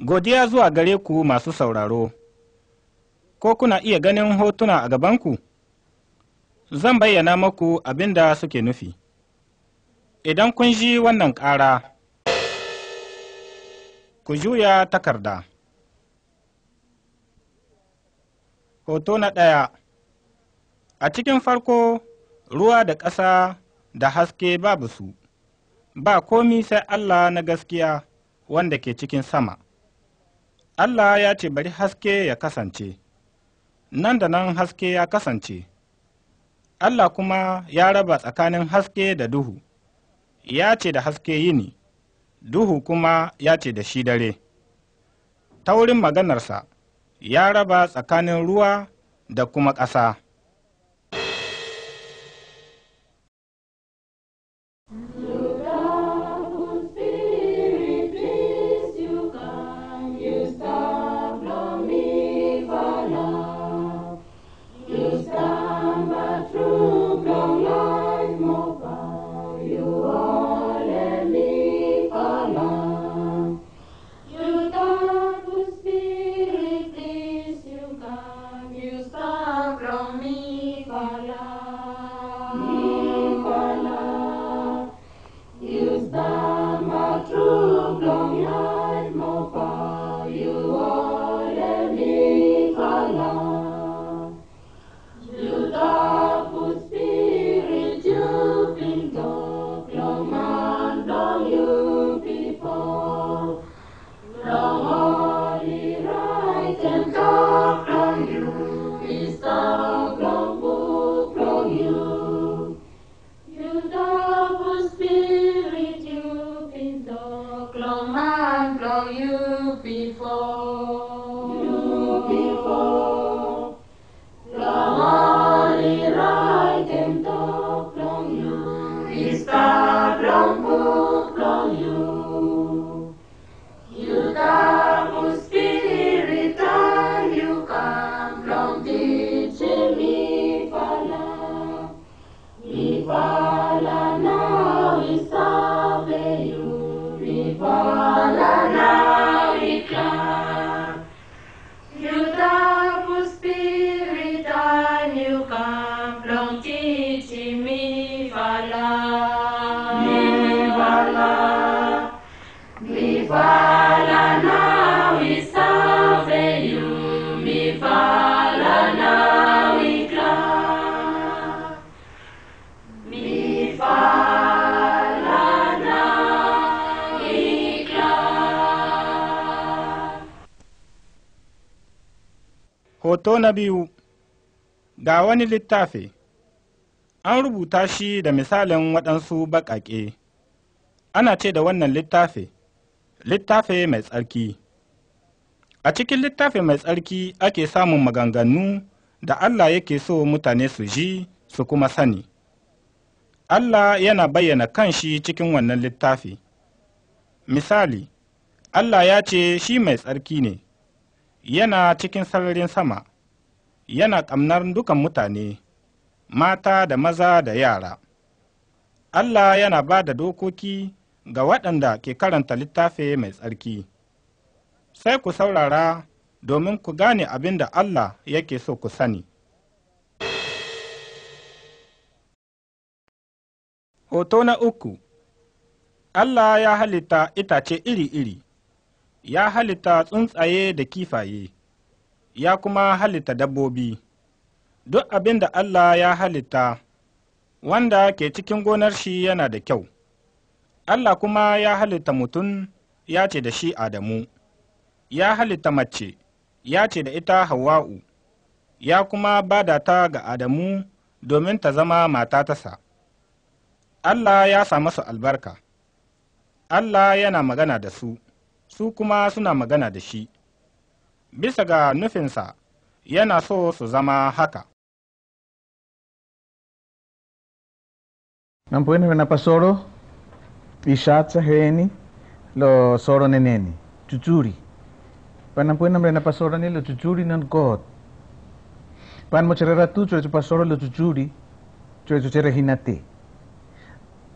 Godiya zuwa gare ku masu sauraro, ko kuna iya ganin hotuna a gabanku? Zan bayyana maku abin da suke nufi. Idan kun ji wannan ƙara, ku juya takarda. Hoto na ɗaya A cikin farko, ruwa da ƙasa da haske babu su, ba komi sai Allah na gaskiya wanda ke cikin sama. Allah ya ce bari haske ya kasance, nan da nan haske ya kasance, Allah kuma ya raba tsakanin haske da duhu, ya ce da haske yini, duhu kuma ya ce da shi dare. Ta wurin maganarsa, ya raba tsakanin ruwa da kuma ƙasa. Bye. Hoto na biyu Ga wani littafi, an rubuta shi da misalin waɗansu baƙaƙe, ana ce da wannan littafi, littafi mai tsarki. A cikin littafi mai tsarki ake samun maganganu da Allah yake so mutane su ji su kuma sani. Allah yana bayyana kan shi cikin wannan littafi. Misali, Allah ya ce shi mai tsarki ne, yana cikin sararin sama. yana ƙamnar dukan mutane, mata da maza da yara. Allah yana ba da dokoki ga waɗanda ke karanta littafi mai tsarki. Sai ku saurara domin ku gane abin da Allah yake so ku sani. Hoto na uku Allah ya halitta itace iri-iri, ya halitta tsuntsaye da kifaye. ya kuma halitta dabbobi, duk abin da Allah ya halitta wanda ke cikin gonar shi yana da kyau, Allah kuma ya halitta mutum ya ce da shi Adamu, ya halitta mace ya ce da ita Hawwa'u, ya kuma bada ta ga Adamu domin ta zama mata tasa. Allah ya sa su albarka, Allah yana magana da su, su kuma suna magana da shi. bisa ga nufinsa yana so su zama haka. Non puede venir a pasoro y chacha geni lo soro neneni, chuchuri. Pan no puede venir a pasoro ni lo chuchuri non cot. Pan mocherera tu chue chu pasoro lo chuchuri, chue chu chere ginate.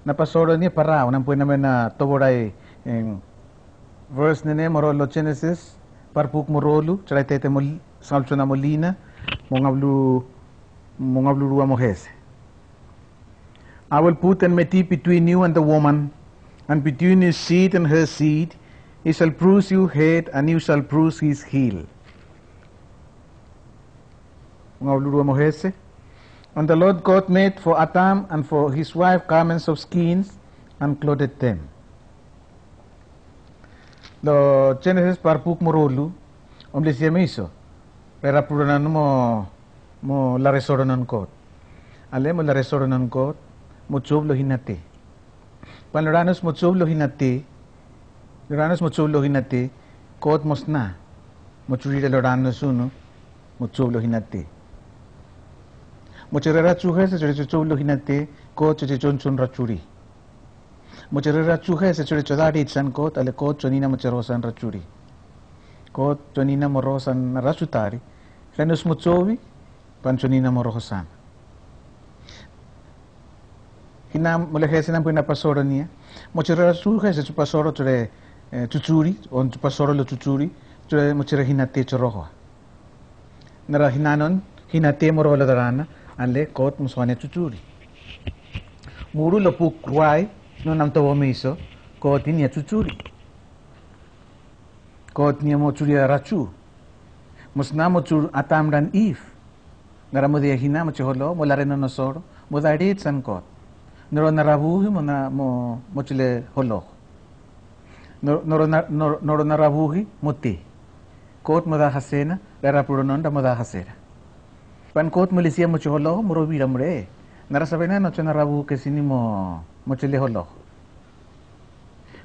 Na pasoro ni parao, non puede venir a toborai en verse nene moro lo Genesis 1, parpuk mol molina mongablu mongablu rua I will put enmity between you and the woman and between his seed and her seed he shall bruise your head and you shall bruise his heel mongablu rua mohese and the Lord God made for Adam and for his wife garments of skins and clothed them Lo chenes es parpuk morolu, om le siem iso. Pero apuranan mo mo la resoranan kot. Ale mo la resoranan kot, mo chub lo hinate. Cuando ranos mo chub lo hinate, ranos mo chub lo hinate, kot mos na. Mo churira lo ranos uno, mo chub lo hinate. Mo churira chujes, churira chub lo hinate, kot churira chun chun rachuri. Churi. مجرد رچو ہے سچڑ چدہ ڈی چن کو تلے کو چنینا مچرو سن رچوڑی کو چنینا مرو سن رچو تاری لن اس مچووی پن چنینا مرو سن کنا ملے خیسے نام پینا پسوڑا نیا مجرد رچو ہے سچو پسوڑا چڑے چچوری اون چو پسوڑا لو چچوری چڑے مجرد ہینا تے چرو ہوا نرہ ہینانون ہینا تے مرو لدرانا ان لے کوت مسوانے چچوری مورو لپو کروائی no nam tobo miso ko tinia ya tsutsuri ko tinia ya mo tsuri ya rachu mos namo tsur atamran if ngara mo dia hina mo chholo mo la reno nosor mo daidit san ko noro narabu mo na mo mo chile holo noro noro narabu mo ti ko mo da hasena la rapuro non da mo da hasera pan ko mo lesia mo chholo mo ro vira mo re narasabay na no rabu kasi ni mo mo chile holo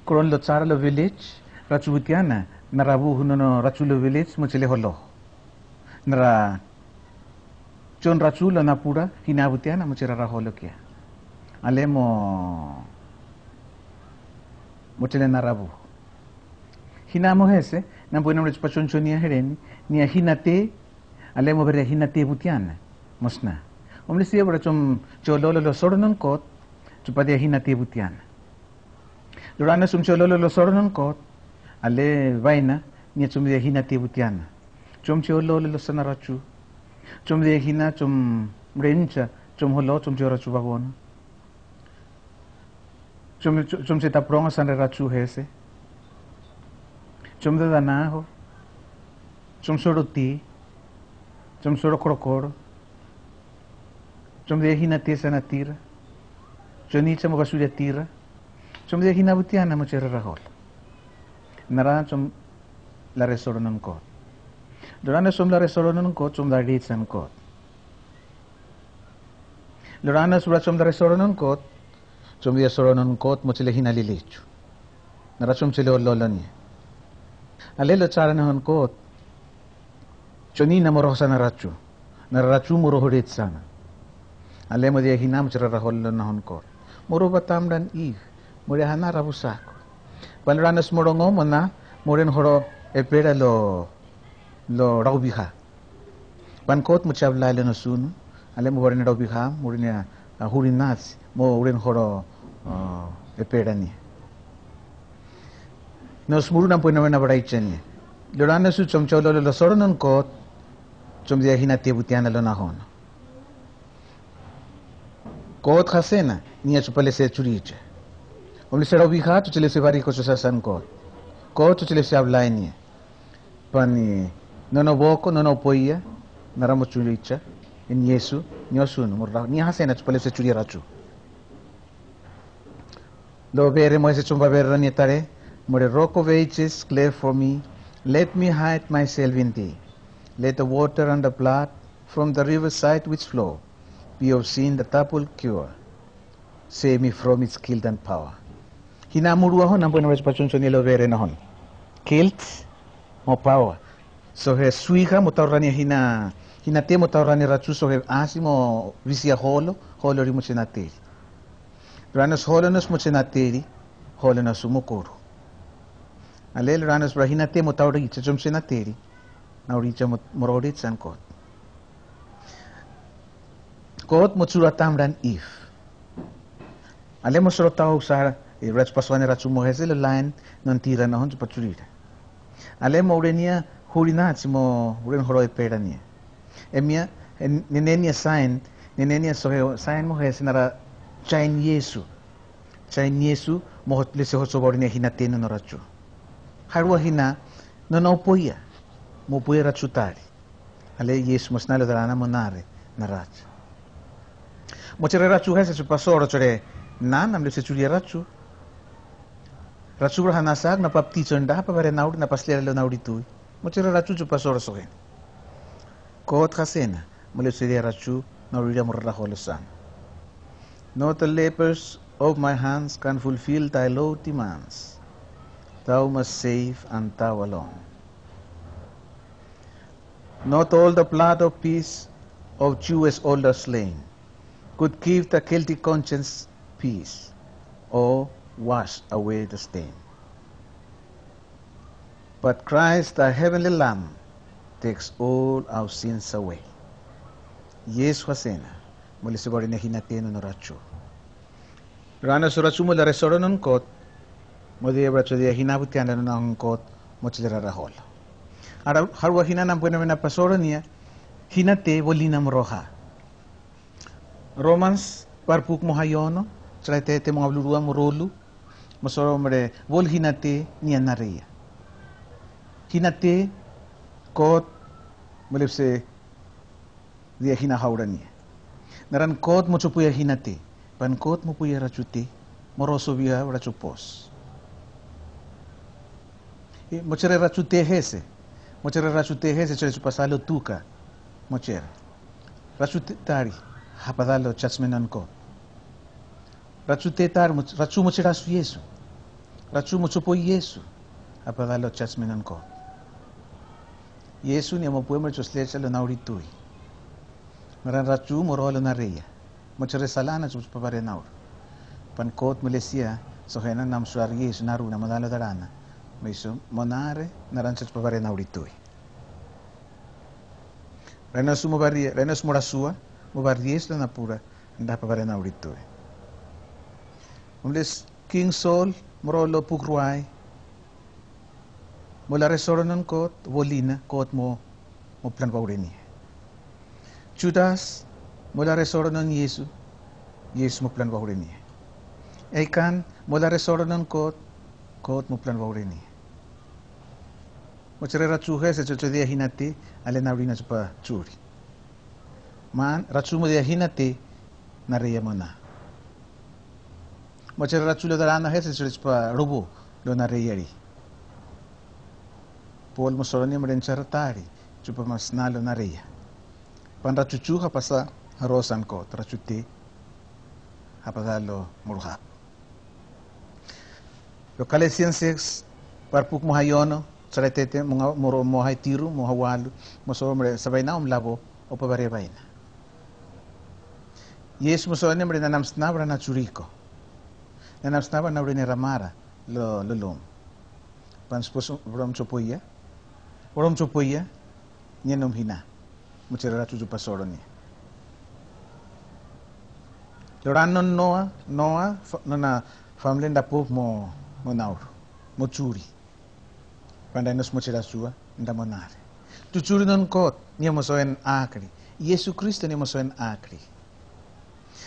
lo tsara village rachubutiana narabu huno no rachulo village mo holo nara chon rachulo na pura hinabutiana mochera ra Alemo kya mo narabu hinamo hese na buena mo chpa chon chonia hinate alemo mo bere hinate butiana mosna om lesia bora chum chololo lo sornon kot chupadi ahi nati butian. Durana sum chololo lo sornon kot ale vaina ni chum di ahi nati butian. Chum chololo lo sana rachu. Chum di ahi na chum rencha chum holo chum jora chuba gon. Chum chum se tapronga sana rachu hese. Chum de danaho. Chum soroti. Chum soro krokoro. de hina tesa na tira. de mo basura tira. Somde de butiana mo chera rahol. Naran som la resoronon kot. Dorana som la resoronon kot som la ritsan kot. Lorana sura som la resoronon kot som dia soronon kot mo chile hina lilichu. chile Alelo kot. Chonina mo rohsa narachu. Narachu mo ale hina mchirara hollo na honkor muruba tamdan ig mure hana moro balranas na, mona muren horo epera lo lo raubija bankot muchabla le nosun ale mu horene raubija huri hurinaz mo uren horo epera ni nos muruna puena mena baraichenne lorana su chomcholo lo lo soron kot chomdia hina tebutiana lo na hono Kothasena, ni a chupalese churiche. Omlisero biha, chuchelese varico chusasan ko. Ko chuchelese hablainie. Pani, no no boko, no no poia, naramo churicha, en Yesu, ni osun, murra, ni hasena chupalese churirachu. Lo vere moese chumba verra nietare, more roko veiches, clear for me, let me hide myself in thee. Let the water and the blood from the riverside which flow we have seen the double cure. Save me from its guilt and power. Hinamurua hon na buwan sa nilo vere na hon. Guilt mo power. So he suiha mo tawra niya hina te mo tawra niya rachu so he asi mo visia holo holo ri mo chinateri. Ranos holo nos mo chinateri holo na sumukuru. Alel ranos brahinate mo tawra gichachom chinateri na uricha mo roritsan kot. Kod Mutsuratam Tamran If. Ale Musrota usar el eh, Rats Pasuane Ratsumo Hesel Lion no Nahon Pachurira. Alemo urenia Hurina Chimo Uren Horo de Perania. Emia Nenenia Sain Nenenia Soheo Sain mojes Nara Chain Yesu. Chain Yesu mo Sehoso Borine Hinateno Norachu. Harwa Hina no no poia. Mo poia Rachutari. Ale Yesu dalana de la na Naracha. Mochare rachu hese su pasoro chore. Nan am lese chulia rachu. Rachu brahana sag na ti chonda pa bare naud na paslera lo naudi tu. Mochare rachu su pasoro sogen. Kot hasena. se chulia rachu na rida hole san. Not the labors of my hands can fulfill thy low demands. Thou must save and thou alone. Not all the blood of peace of Jew is older slain could give the guilty conscience peace or wash away the stain. But Christ, the heavenly Lamb, takes all our sins away. Yes, asema, muli sigori na hinatenu no rachu. Rana surachu mula resoro nun kot, mudi ebracho dia hinabutiana nun kot, mochilera rahol. Ara harwa hina nam mena pasoro niya, hinate bolinam roja. Romans parpuk mo hayono tratete mo ablurua mo rolu mosorombre vol hinate ni anarea hinate kot मतलब से दिया हिना हाउड़नी नरन कोत मुचो पुया हिनाते पन कोत मु पुया रचुते मरोसो बिया वड़ा चुपोस मुचरे रचुते है से मुचरे रचुते है से चले चुपा सालो तू का मुचेर रचुते तारी Από τα λόγια σ' μην αν κόβει. Ρατσού τετ αρμουτς, Ρατσού μοτσού μοτσού ποιεσού. Από τα λόγια σ' μην αν κόβει. Η αίσθηση είναι η αίσθηση. Η αίσθηση είναι η αίσθηση. Η αίσθηση είναι η αίσθηση. Η αίσθηση είναι vardiestra napura dapavarena urito eh. Umles king sol Morolo pukruai mola resoronan kot volina kot mo mo plan paureni. Chudas mola resoronan yesu yesu mo plan paureni. Eikan mola resoronan kot kot mo plan paureni. Mochera rachuja se chocho dia hinati alena urina chupa churi man rachumu de hinati nareyamana. Mochel rubu lo nareyari. Pol musoronim renchartari chupamasna lo Pan pasa rosan ko trachuti ...lo murha. Locales ciencias parpuk mohayono tiru mosomre labo o Jesus mo sa anim rin na namsnabra na churiko. Na namsnabra na rin ni Ramara, lo, lo, lo. Panspos, vrom chupuya. Vrom chupuya, niya nung hina. Mucerara chuchu pasoro niya. Loran non noa, noa, non na family nda po mo, mo naur, mo churi. Panday nos mo chira chua, nda mo nare. Tu churi non kot, niya mo soen akri. Yesu Kristo niya mo soen akri. Akri.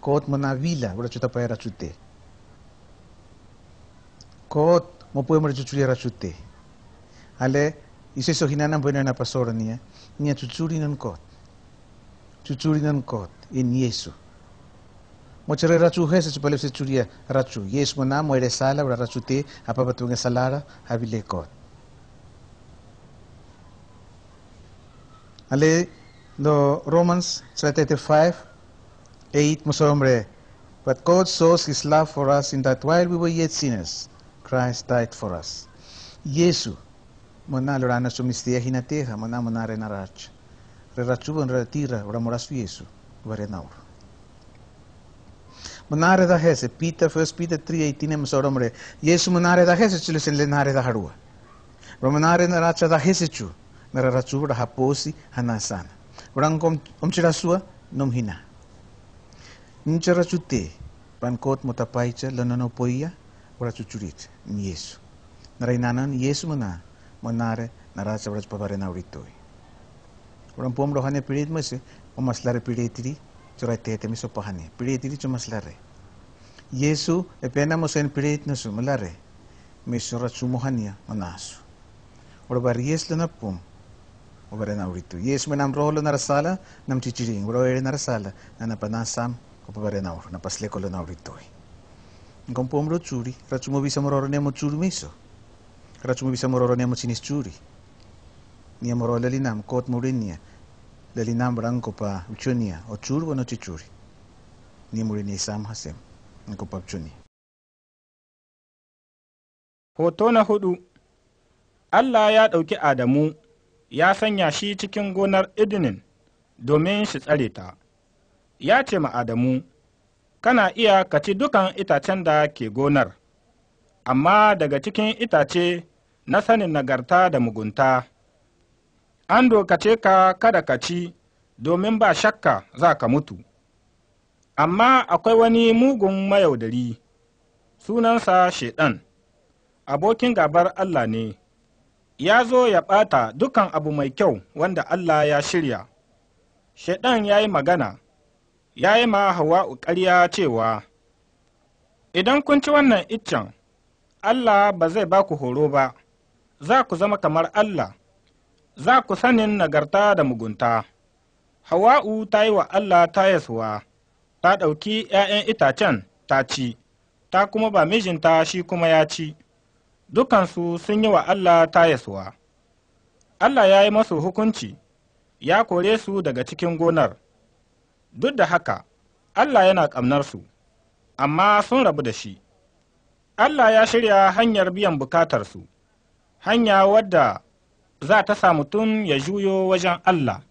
kot mo na vila, wala chuta pa era chute. Kot mo po mo chuchuli era chute. Ale isa so hinana po na pasora niya, eh? niya chuchuli nan kot. Chuchuli nan kot in Yesu. Mo chere ra chuhe sa chupale se chuchuliya ya, ra chu. Yesu mo na mo ere sala wala ra chute, apapatunga salara, habile kot. Ale lo Romans 35 8 Musomre. But God shows his love for us in that while we were yet sinners, Christ died for us. Jesus, mona lorana so mistia hinateha, mona mona renarach. Rerachuban retira, ramoras Jesu, varenaur. Monare da hese, Peter, 1 Peter 3, 18 Musomre. Jesu monare da hese, chiles en lenare da harua. Romanare naracha da hesechu, nararachuba haposi, hanasana. Orang kom omchirasua, nom hina. Nchara chute, pankot motapaicha lanano poia, ora chuchurit, yesu. nanan yesu mana, manare naracha vraj pavare nauritoi. Orang pom rohane pirit mese, o maslare piritiri, chora tete miso pahane, piritiri cho maslare. Yesu e pena mo sen pirit nasu malare, miso rachu mohania manasu. Ora bar yes lana pom, o na nauritu. Yesu menam rohlo narasala, nam chichiring, ora ere narasala, nanapanasam, kopare na ur, na pasle kole na uritoi. Ngom pomro churi, racumo bisa mororo ne mo churu miso. Racumo bisa mororo ne mo sinis churi. Nia moro leli nam, kot murin nia. Leli nam brang kopa uchunia, o churu wano chi churi. Nia murin nia sam hasem, ngopa uchunia. Hoto na hudu. Allah ya dauki Adamu ya sanya shi cikin gonar Edenin domin shi tsare ta. ya ce ma Adamu, Kana iya ka ci dukan itacen da ke gonar, amma daga cikin itace na sanin nagarta da mugunta, an dokace ka kada ka ci domin ba shakka za ka mutu. Amma akwai wani mugun mayaudari, sunansa Shaiɗan, abokin gabar Allah ne, ya zo ya ɓata dukan abu mai kyau wanda Allah ya shirya. Shaiɗan ya yi magana ya yi ma Hawa'u ƙarya cewa, Idan kun ci wannan iccen, Allah ba zai ba ku horo ba, za ku zama kamar Allah, za ku sanin nagarta da mugunta. Hawa'u ta yi wa Allah tayaswa, ta ɗauki ‘ya'yan itacen ta ci, ta kuma ba mijinta shi kuma ya ci, dukansu sun yi wa Allah tayaswa. Allah ya yi masu hukunci, ya kore su daga cikin gonar. Duk da haka, Allah yana ƙamnarsu, amma sun rabu da shi. Allah ya shirya hanyar biyan bukatarsu, hanya wadda za ta sa mutum ya juyo wajen Allah.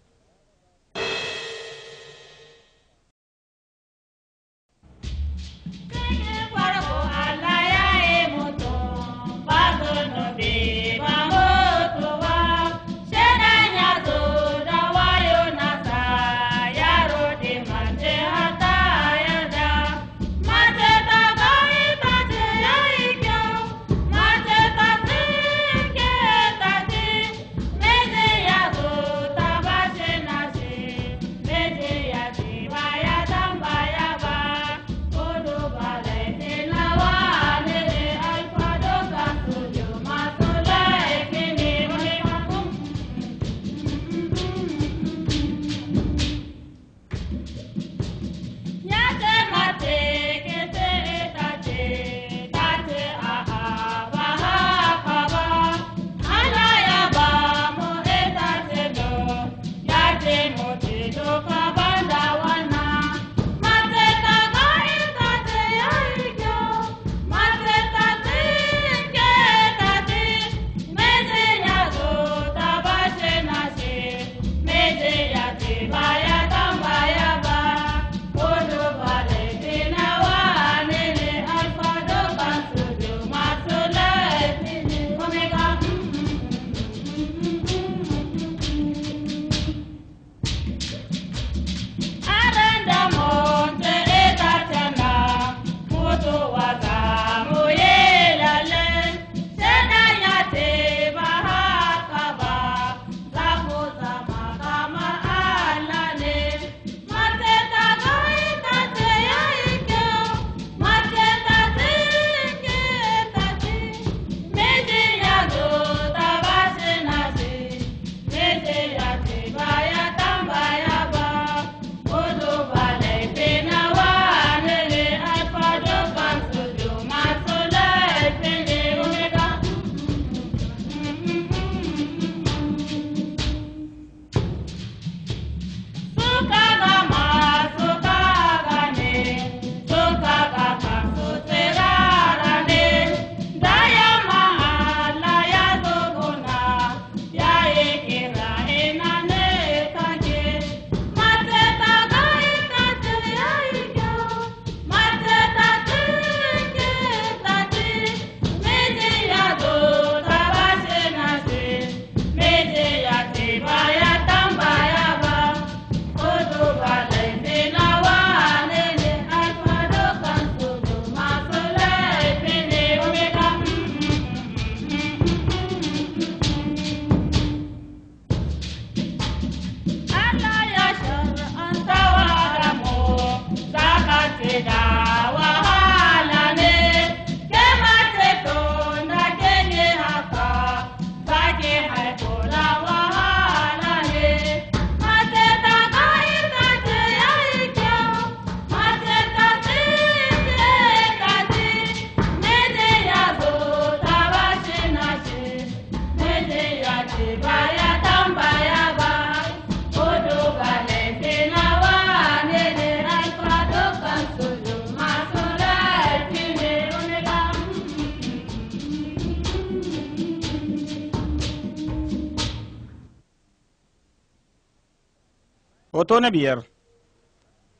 Hoto na biyar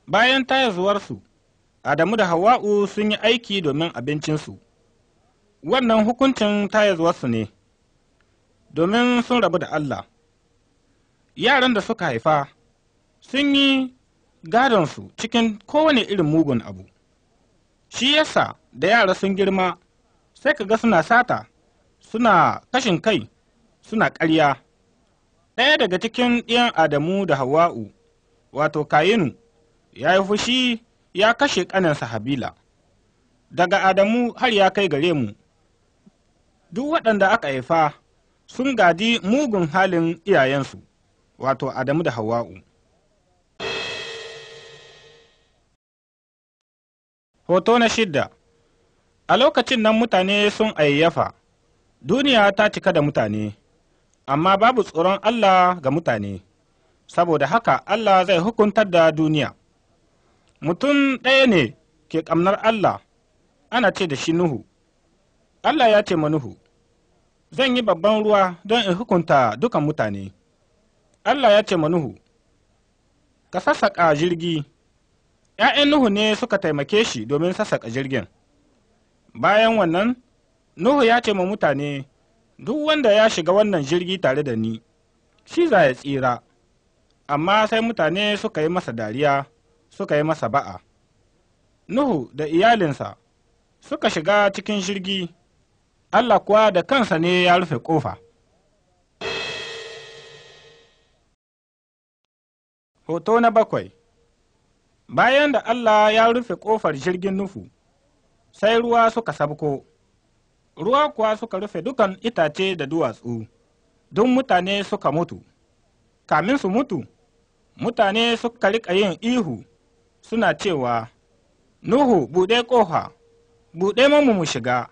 Bayan zuwarsu, Adamu da Hawa'u sun yi aiki domin abincinsu, wannan hukuncin zuwarsu ne, domin sun rabu da Allah. Yaran da suka haifa sun yi gadonsu cikin kowane irin mugun abu, shi yasa da yara sun girma sai ka ga suna sata, suna kashin kai, suna ƙarya. Ɗaya daga cikin ɗiyan Adamu da Hawa'u. wato Kayinu, ya yi fushi ya kashe ƙaninsa Habila, daga Adamu har ya kai gare mu. Duk waɗanda aka haifa sun gadi mugun halin iyayensu, wato Adamu da hawa'u Hoto na shidda A lokacin nan mutane sun ayyafa, duniya ta cika da mutane, amma babu tsoron Allah ga mutane. saboda haka Allah zai hukuntar da duniya. Mutum ɗaya ne ke ƙamnar Allah, ana ce da shi Nuhu. Allah ya ce ma Nuhu, Zan yi babban ruwa don in hukunta dukan mutane. Allah ya ce ma Nuhu, Ka sassaƙa jirgi, ‘ya'yan Nuhu ne suka taimake shi domin sassaƙa jirgin. Bayan wannan, Nuhu ya ce ma mutane, Duk wanda ya shiga wannan jirgi tare da ni, shi za ya tsira. amma sai mutane suka yi masa dariya suka yi masa ba'a. Nuhu da iyalinsa suka shiga cikin jirgi, Allah kuwa da kansa ne ya rufe ƙofa. Hoto na bakwai Bayan da Allah ya rufe ƙofar jirgin Nuhu, sai ruwa suka sabko, ruwa kuwa suka rufe dukan itace da duwatsu, don mutane suka mutu, kamin su mutu. mutane suka riƙa yin ihu suna cewa, Nuhu buɗe ƙofa, buɗe mamu mu shiga,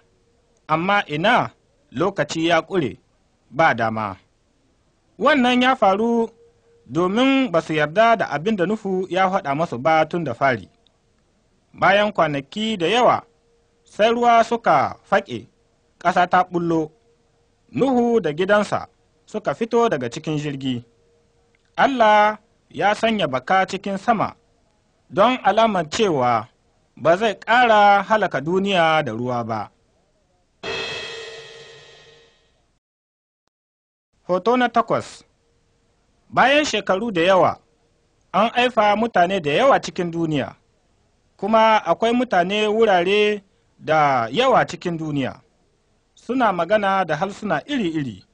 amma ina lokaci ya ƙure ba dama. Wannan ya faru domin ba su yarda da abin da Nuhu ya faɗa masu ba tun da fari. Bayan kwanaki da yawa, sai ruwa suka faƙe, ƙasa ta ɓullo, Nuhu da gidansa suka fito daga cikin jirgi. Allah ya sanya baka cikin sama don alamar cewa ba zai ƙara halaka duniya da ruwa ba. Hoto na takwas Bayan shekaru da yawa, an aifa mutane da yawa cikin duniya, kuma akwai mutane wurare da yawa cikin duniya, suna magana da halsuna iri-iri.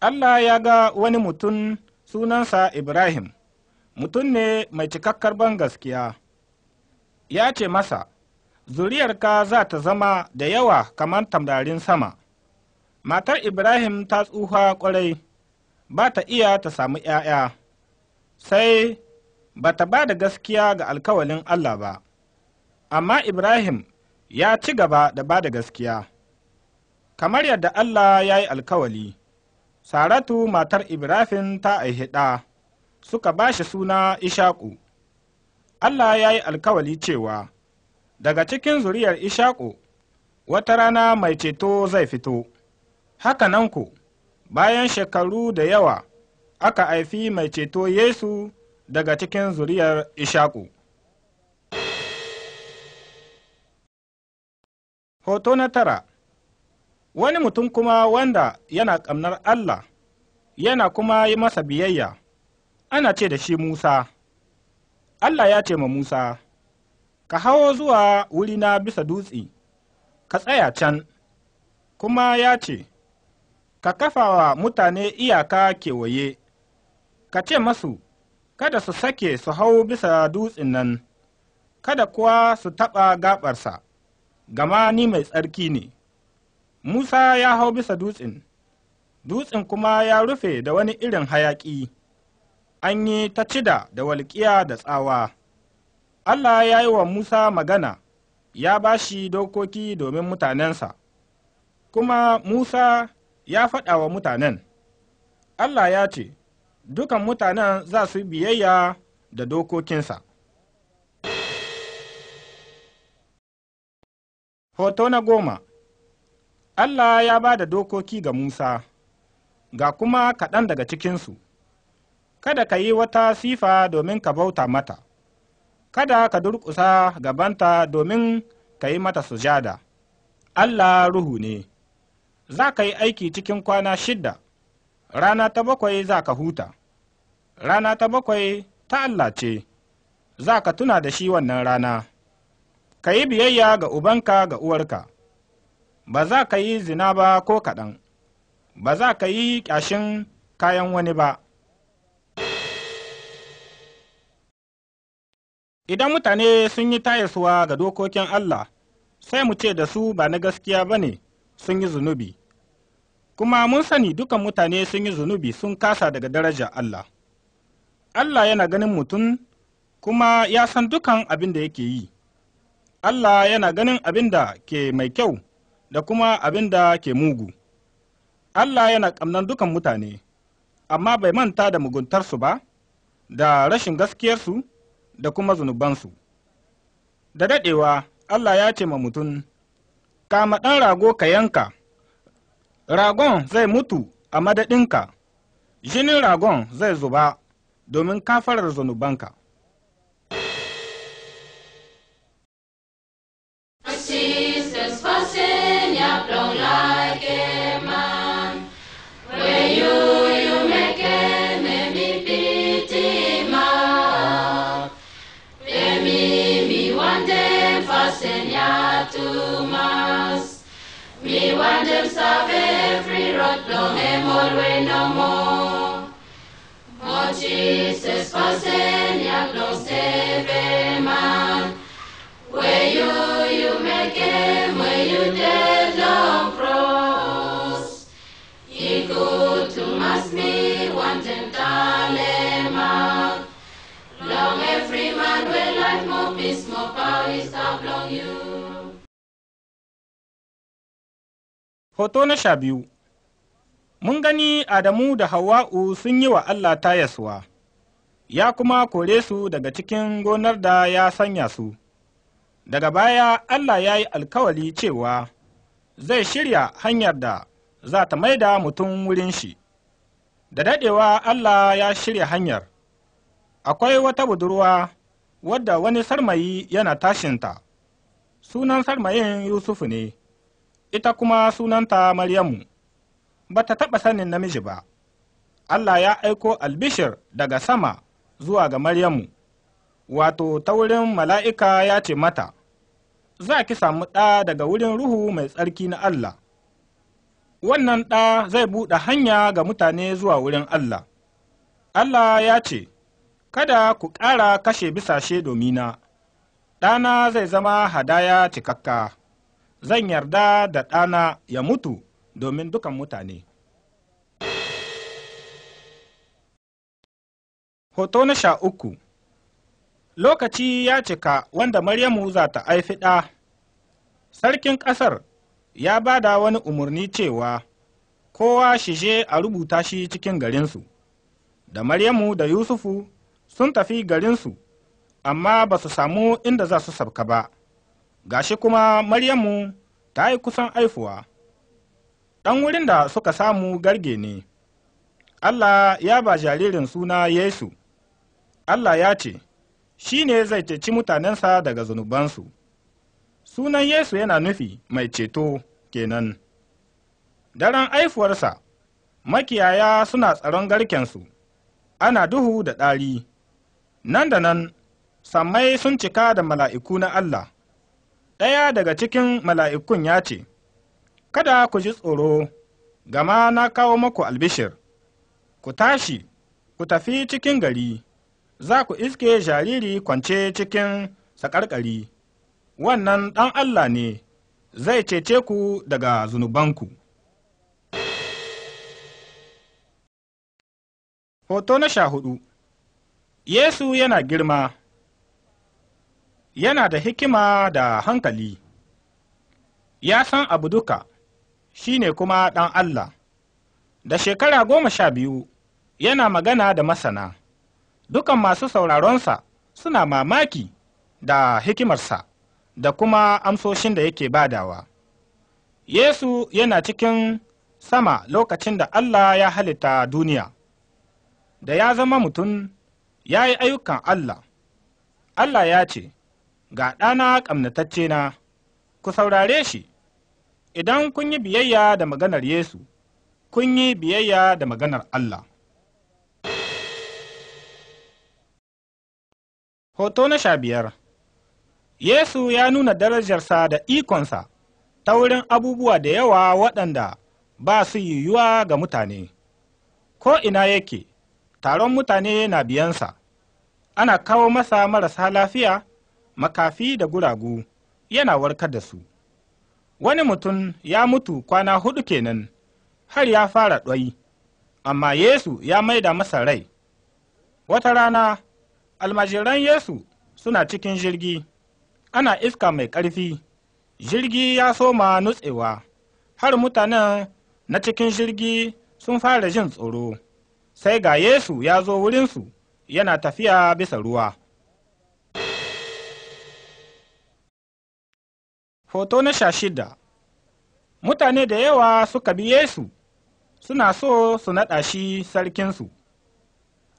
Allah ya ga wani mutum sunansa Ibrahim, mutum ne mai cikakkar ban gaskiya. Ya ce masa, Zuriyarka za ta zama da yawa kamar tamdarin sama. Matar Ibrahim ta tsufa ƙwarai, ba ta iya ta samu ‘ya'ya, sai ba ta ba da gaskiya ga alkawalin Allah ba, amma Ibrahim ya ci gaba da ba da gaskiya, kamar yadda Allah ya yi alkawali. saratu matar ibrahim ta aihi suka ba shi suna ishaku allah ya yi alkawali cewa daga cikin zuriyar ishaku wata rana mai ceto zai fito Haka nan ku bayan shekaru da yawa aka haifi mai ceto yesu daga cikin zuriyar ishaku hoto na tara wani mutum kuma wanda yana ƙamnar Allah yana kuma yi masa biyayya ana ce da shi Musa Allah ya ce ma Musa ka hawo zuwa wuri na bisa dutse ka tsaya can kuma ya ce ka kafa wa mutane iyaka kewaye ka ce masu kada su sake su hau bisa dutsen nan kada kuwa su taɓa gaɓarsa gama ni mai tsarki ne Musa ya hau bisa dutsen, dutsen kuma ya rufe da wani irin hayaƙi, an yi ta cida da walƙiya da tsawa. Allah ya yi wa Musa magana, ya ba shi dokoki domin mutanensa, kuma Musa ya faɗa wa mutanen. Allah ya ce, Dukan mutanen za su biyayya da dokokinsa. Hoto na goma Allah ya ba da dokoki ga Musa, ga kuma kaɗan daga cikinsu, kada ka yi wata sifa domin ka bauta mata, kada ka durƙusa gabanta domin ka yi mata sujada, Allah ruhu ne, za ka yi aiki cikin kwana shidda, rana ta bakwai za ka huta, rana ta bakwai ta Allah ce, za ka tuna da shi wannan rana, ka yi biyayya ga ubanka ga uwarka. ba za ka yi zina ba ko kaɗan, ba za ka yi ƙyashin kayan wani ba. Idan mutane sun yi tayaswa ga dokokin Allah, sai mu ce da su ba na gaskiya ba ne sun yi zunubi, kuma mun sani dukan mutane sun yi zunubi sun kasa daga daraja Allah. Allah yana ganin mutum kuma ya san dukan abin da yake yi. Allah yana ganin abin da ke mai kyau da kuma abin da ke mugu. Allah yana ƙamnan dukan mutane, amma bai manta da muguntarsu ba, da rashin gaskiyarsu da kuma zunubansu. Da daɗewa, Allah ya ce ma mutum, Kama ɗan rago ka yanka, ragon zai mutu a madadinka, jinin ragon zai zuba domin kafarar zunubanka. and them serve every rod, long them all way no more. Oh Jesus, fasten yak long save man. Where you, you make him, where you dead long cross. He go to mass me, one ten Long every man will life more peace, more power he stop long you. Hoto na sha biyu Mun gani Adamu da Hawwa'u sun yi wa Allah tayaswa, ya kuma kore su daga cikin gonar da ya sanya su. Daga baya Allah ya yi alkawali cewa zai shirya hanyar da za ta maida mutum wurin shi. Da daɗewa Allah ya shirya hanyar. Akwai wata budurwa wadda wani sarmayi yana tashinta. Sunan sarmayin Yusufu ne. ita kuma sunanta Maryamu, ba ta taɓa sanin namiji ba, Allah ya aiko albishir daga sama zuwa ga Maryamu, wato ta wurin mala'ika ya ce mata, Za ki samu ɗa daga wurin Ruhu mai tsarki na Allah, wannan ɗa zai buɗe hanya ga mutane zuwa wurin Allah. Allah ya ce, Kada ku ƙara kashe bisashe domina, ɗana zai zama hadaya cikakka. zan yarda da ɗana ya mutu domin dukan mutane. Hoto na sha uku Lokaci ya cika wanda Maryamu za ta haifi ɗa, sarkin ƙasar ya ba da wani umarni cewa kowa shije a rubuta shi cikin garinsu, da Maryamu da Yusufu sun tafi garinsu, amma ba su samu inda za su sabka ba. Ga shi kuma Maryamu ta yi kusan aifuwa, ɗan wurin da suka samu garge ne, Allah ya ba jaririn suna Yesu, Allah ya ce, shi ne zai ceci mutanensa daga zunubansu. Sunan Yesu yana nufi mai ceto kenan. Daren aifuwarsa, makiyaya suna tsaron garkensu, ana duhu da ɗari, nan da nan, sammai sun cika da mala'iku na Allah. ɗaya daga cikin mala'ikun ya ce, Kada ku ji tsoro, gama na kawo maku albishir, ku tashi, ku tafi cikin gari, za ku iske jariri kwance cikin saƙarƙari, wannan ɗan Allah ne zai cece ku daga zunubanku. Hoto na sha hudu Yesu yana girma yana da hikima da hankali, ya san abu duka, shi ne kuma ɗan Allah. Da shekara goma sha biyu yana magana da masana, dukan masu sauraronsa suna mamaki da hikimarsa da kuma amsoshin da yake badawa. Yesu yana cikin sama lokacin da Allah ya halitta duniya, da ya zama mutum ya yi ayyukan Allah. Allah ya ce, ga ɗana ƙamnatacce na, ku saurare shi, idan kun yi biyayya da maganar Yesu, kun yi biyayya da maganar Allah. Hoto na sha biyar Yesu ya nuna darajarsa da ikonsa ta wurin abubuwa da yawa waɗanda ba su yiwuwa ga mutane. Ko ina yake, taron mutane na biyansa, ana kawo masa marasa lafiya. makafi da guragu yana warkar da su wani mutum ya mutu kwana hudu kenan har ya fara ɗwai amma yesu ya maida masa rai wata rana almajiran yesu suna cikin jirgi ana iska mai ƙarfi jirgi ya soma nutsewa har mutanen na cikin jirgi sun fara jin tsoro sai ga yesu ya zo wurinsu yana tafiya bisa ruwa Hoto na sha shida Mutane da yawa suka bi Yesu, suna so su naɗa shi sarkinsu,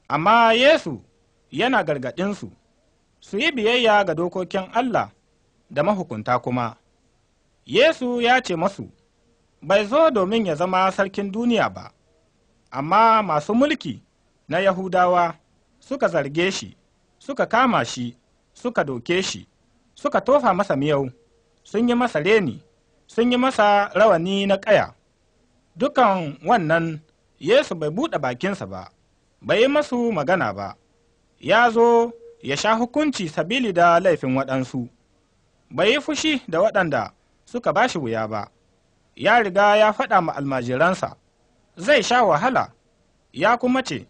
amma Yesu yana gargaɗinsu, su yi biyayya ga dokokin Allah da mahukunta kuma. Yesu ya ce masu, bai zo domin ya zama sarkin duniya ba, amma masu mulki na Yahudawa suka zarge shi, suka kama shi, suka doke shi, suka tofa masa miyau. sun yi masa reni sun yi masa rawani na ƙaya dukan wannan yesu bai buɗe bakinsa ba bai yi masu magana ba ya zo ya sha hukunci sabili da laifin waɗansu bai yi fushi da waɗanda suka ba shi wuya ba ya riga ya faɗa ma almajiransa zai sha wahala ya kuma ce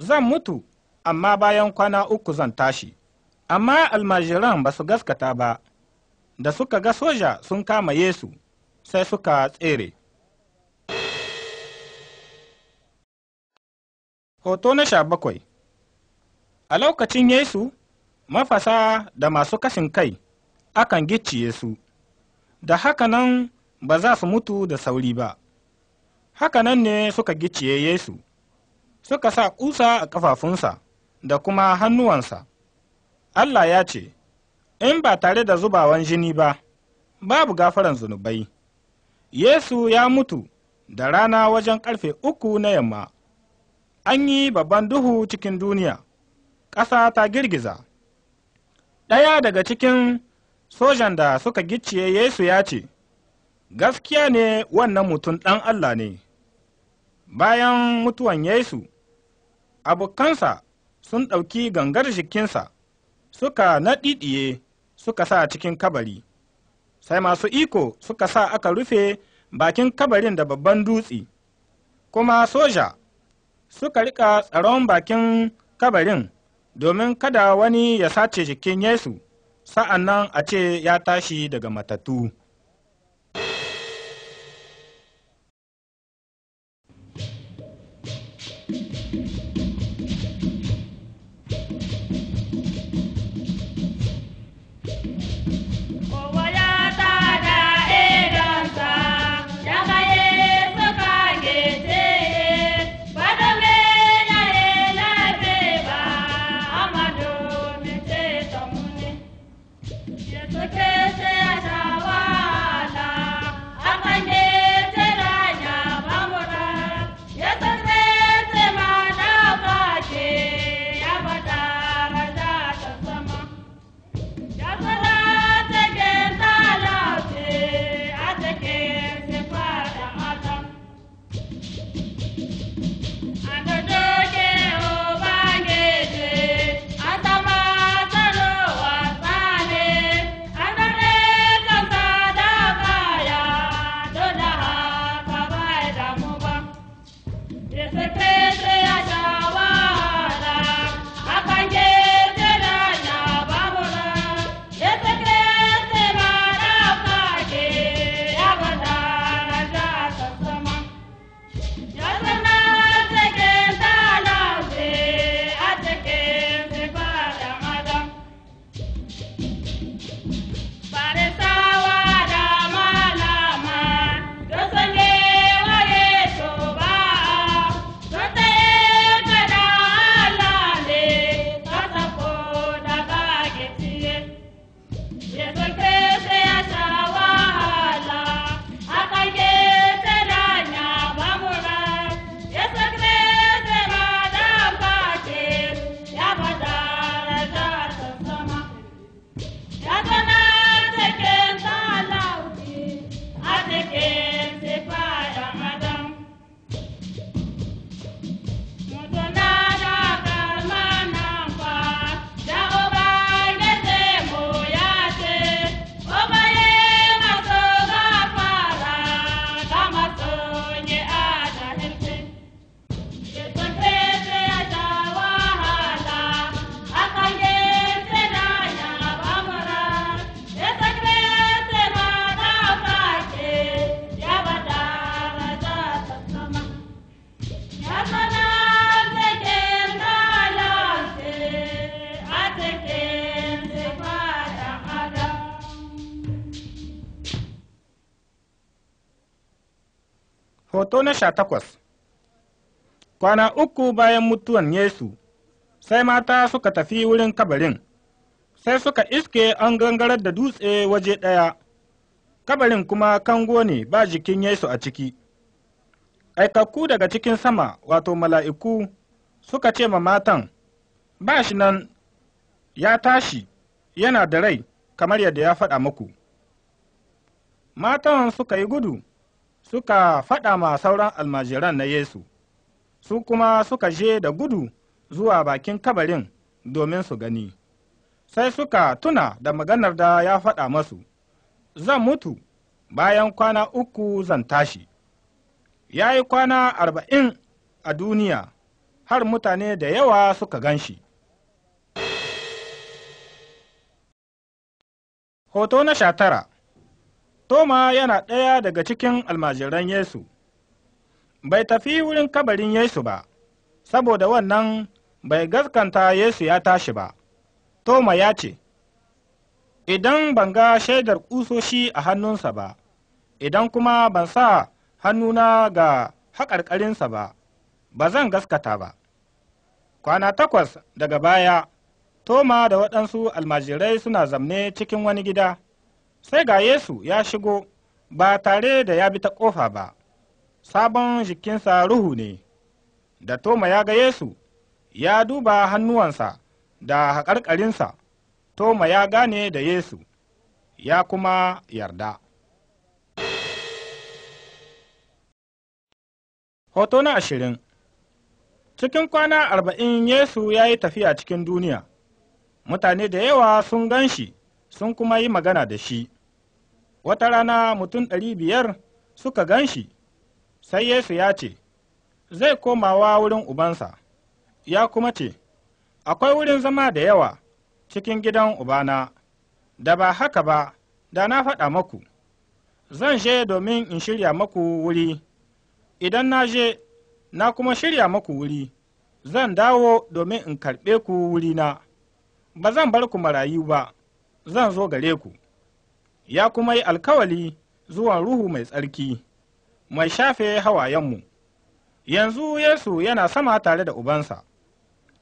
zan mutu amma bayan kwana uku zan tashi amma almajiran ba su gaskata ba da suka ga soja sun kama Yesu sai suka tsere. Hoto na sha bakwai A lokacin Yesu, mafasa da masu kashin kai akan gicciye su, da haka nan ba za su mutu da sauri ba. Haka nan ne suka gicciye Yesu, suka sa ƙusa a ƙafafunsa da kuma hannuwansa. Allah ya ce, in ba tare da zubawan jini ba, babu gafaran zunubai. Yesu ya mutu da rana wajen ƙarfe uku na yamma, an yi babban duhu cikin duniya, ƙasa ta girgiza. Ɗaya daga cikin sojan da suka gicciye Yesu ya ce, Gaskiya ne wannan mutum ɗan Allah ne. Bayan mutuwan Yesu, abokansa sun ɗauki gangar jikinsa suka naɗiɗiye suka sa cikin kabari sai masu iko suka sa aka rufe bakin kabarin da babban dutse kuma soja suka rika tsaron bakin kabarin domin kada wani ya sace jikin yesu sa'an nan a ce ya tashi daga matattu sha takwas Kwana uku bayan mutuwan Yesu, sai mata suka tafi wurin kabarin, sai suka iske an gangarar da dutse waje ɗaya, kabarin kuma kango ne ba jikin Yesu a ciki. Aikakku daga cikin sama, wato mala'iku, suka ce ma matan, ba shi nan ya tashi, yana da rai, kamar yadda ya faɗa muku. Matan suka yi gudu. suka faɗa ma sauran almajiran na Yesu, su kuma suka je da gudu zuwa bakin kabarin domin su gani. Sai suka tuna da maganar da ya faɗa masu, zan mutu bayan kwana uku zan tashi. Ya yi kwana arba'in a duniya har mutane da yawa suka gan shi. Hoto na sha tara Toma yana ɗaya daga cikin almajiran Yesu, bai tafi wurin kabarin Yesu ba, saboda wannan bai gaskanta Yesu ya tashi ba. Toma ya ce, Idan ban ga shaidar ƙusoshi a hannunsa ba, idan kuma ban sa hannuna ga haƙarƙarinsa ba, ba zan gaskata ba. Kwana takwas daga baya, Toma da waɗansu almajirai suna zamne cikin wani gida. sai ga Yesu ya shigo ba tare da ya bi ta ƙofa ba, sabon jikinsa ruhu ne, da Toma ya ga Yesu ya duba hannuwansa da haƙarƙarinsa, Toma ya gane da Yesu, ya kuma yarda. Hoto na ashirin Cikin kwana arba'in Yesu ya yi tafiya cikin duniya, mutane da yawa sun gan shi. sun kuma yi magana da shi. Wata rana mutum ɗari biyar suka gan shi, sai Yesu ya ce, Zai komawa wurin ubansa, ya kuma ce, Akwai wurin zama da yawa cikin gidan ubana, da ba haka ba, da na faɗa maku, zan je domin in shirya maku wuri, idan na je, na kuma shirya maku wuri, zan dawo domin in karɓe ku wurina, ba zan bar ku marayu ba. zan zo gare ku, ya kuma yi alkawali zuwa Ruhu mai tsarki, mai shafe hawayenmu. Yanzu Yesu yana sama tare da Ubansa,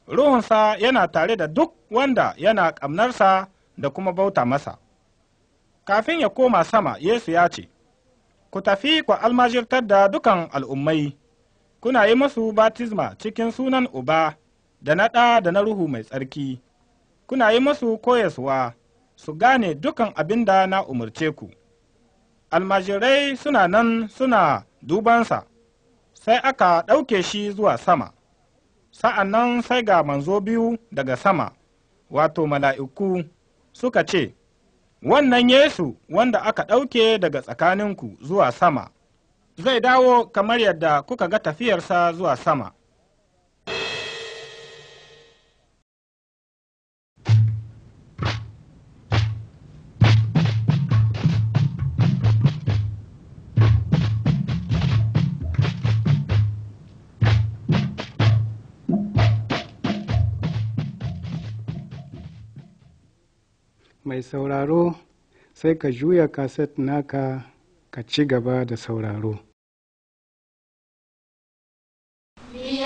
Ruhunsa yana tare da duk wanda yana ƙamnarsa da kuma bauta masa. Kafin ya koma sama, Yesu ya ce, Ku tafi ku almajirtar da dukan al'ummai, kuna yi masu batizma cikin sunan Uba da na ɗa da na Ruhu mai tsarki, kuna yi masu koyaswa. su gane dukan abin da na umarce ku almajirai suna nan suna dubansa sai aka ɗauke shi zuwa sama sa'an nan sai ga manzo biyu daga sama wato mala'iku suka ce wannan yesu wanda aka ɗauke daga tsakaninku zuwa sama zai dawo kamar yadda kuka ga tafiyarsa zuwa sama mai sauraro sai ka juya kaset naka ka ci gaba da sauraro.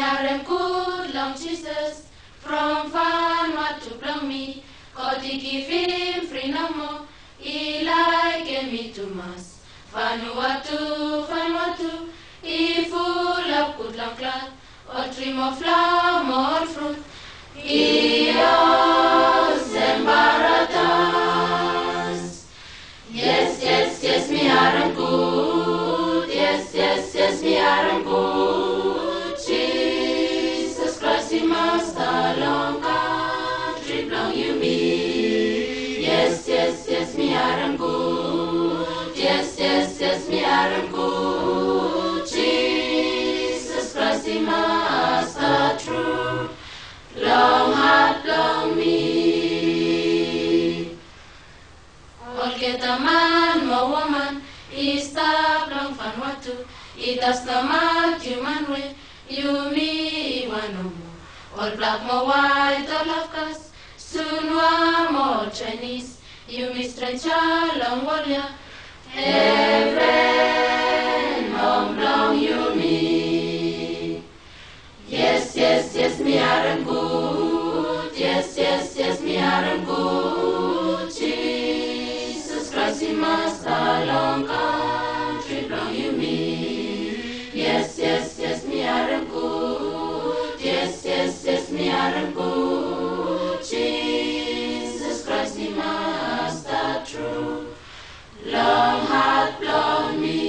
are good long Jesus from God give him free no more, he like me to mass. Vanuatu, Vanuatu, he full of good long trim of flower, more fruit. He, yes, yes, yes, mi-a arăcut. Jesus Christ, he must along country belong you me. Yes, yes, yes, mi-a yes, yes, yes, mi-a arăcut. Jesus Christ, he must a true long get a man, more woman, Mr. Watu, itastamat human way, you me All black, and white, all of us, soon one more Chinese, you Mr. long Warrior, Heaven, long, long, you me. Yes, yes, yes, me are good. Yes, yes, yes, me are good. Jesus Christ, he must along. me Iisus mi-a Jesus Christ, He must are true. Long had blown me.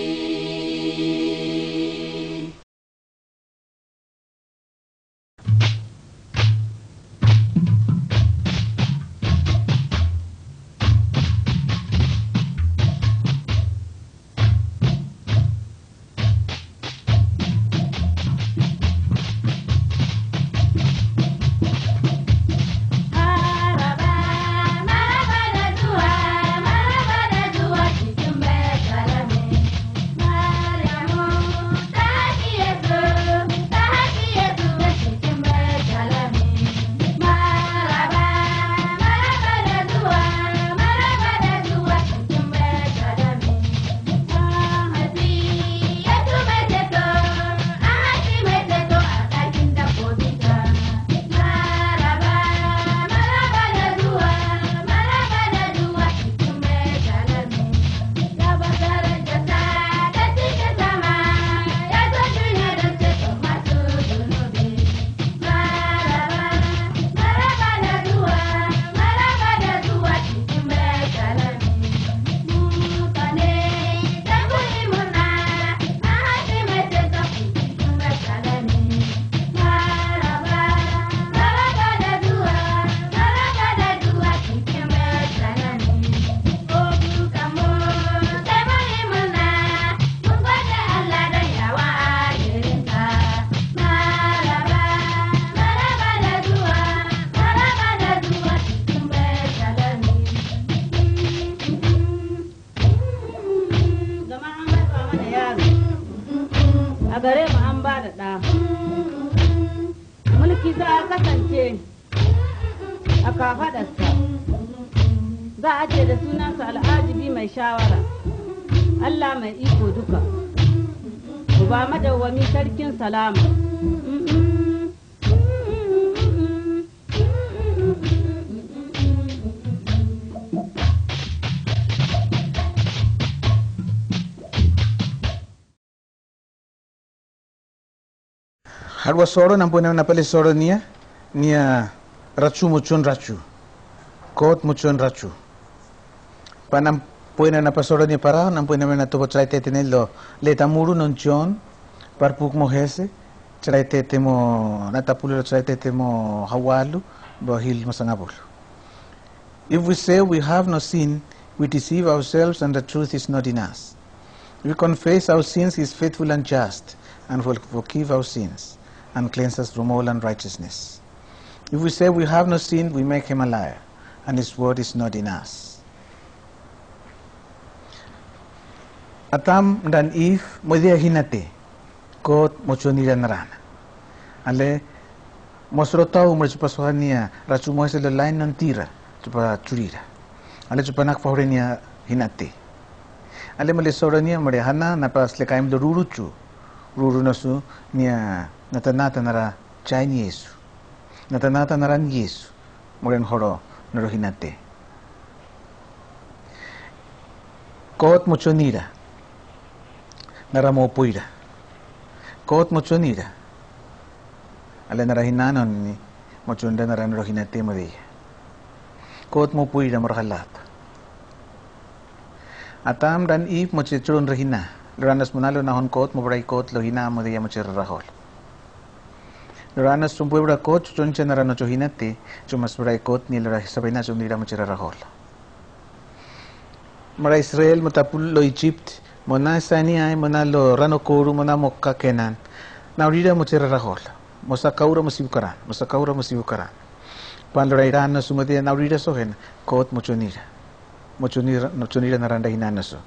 salam. Harwa soro nampu nama nampali soro niya niya racu mucun racu kot mucun racu panam Poin yang nampak sorang ni parah, nampak yang nampak tu bocor itu ni lo, leh tamuru nuncion, parpuk hese natapulo hawalu bohil if we say we have no sin we deceive ourselves and the truth is not in us we confess our sins he is faithful and just and will forgive our sins and cleanse us from all unrighteousness if we say we have no sin we make him a liar and his word is not in us Adam and Eve mudia hinate Kot mochoni jeneran. Ale mosrota umre chupa sohania racumo esele lain nantira chupa churira. Ale chupa nak fahorenia hinate. Ale male sohorenia mare hana napa asle kaim do ruruchu. Ruru nasu nia natanata nara chain yesu. Natanata naran yesu. Mure nhoro naro hinate. Kot mochonira. Nara mo puira kot mo chuni ka. Ala na rahin na non ni mo chunda na rano rahin ati mo di. Kot mo pui na morhalat. Atam dan if mo chichurun rahin na. Luranas mo nalo na hon kot mo bray kot lo hina mo diya mo chirrahol. Luranas sumpuy bra kot chun chen na rano chuhin ati chumas bray kot ni lorah sabay na chun dira mo chirrahol. Mara Israel mo tapul lo Egypt mona sani ay mona lo rano koru mona mokka kenan na urida mutira rahol mo sa kaura mo sibukara mo sa kaura mo sibukara pan lo ira na sumati na urida so hen kot mo mo chunira chunira no chunira na randa hinan so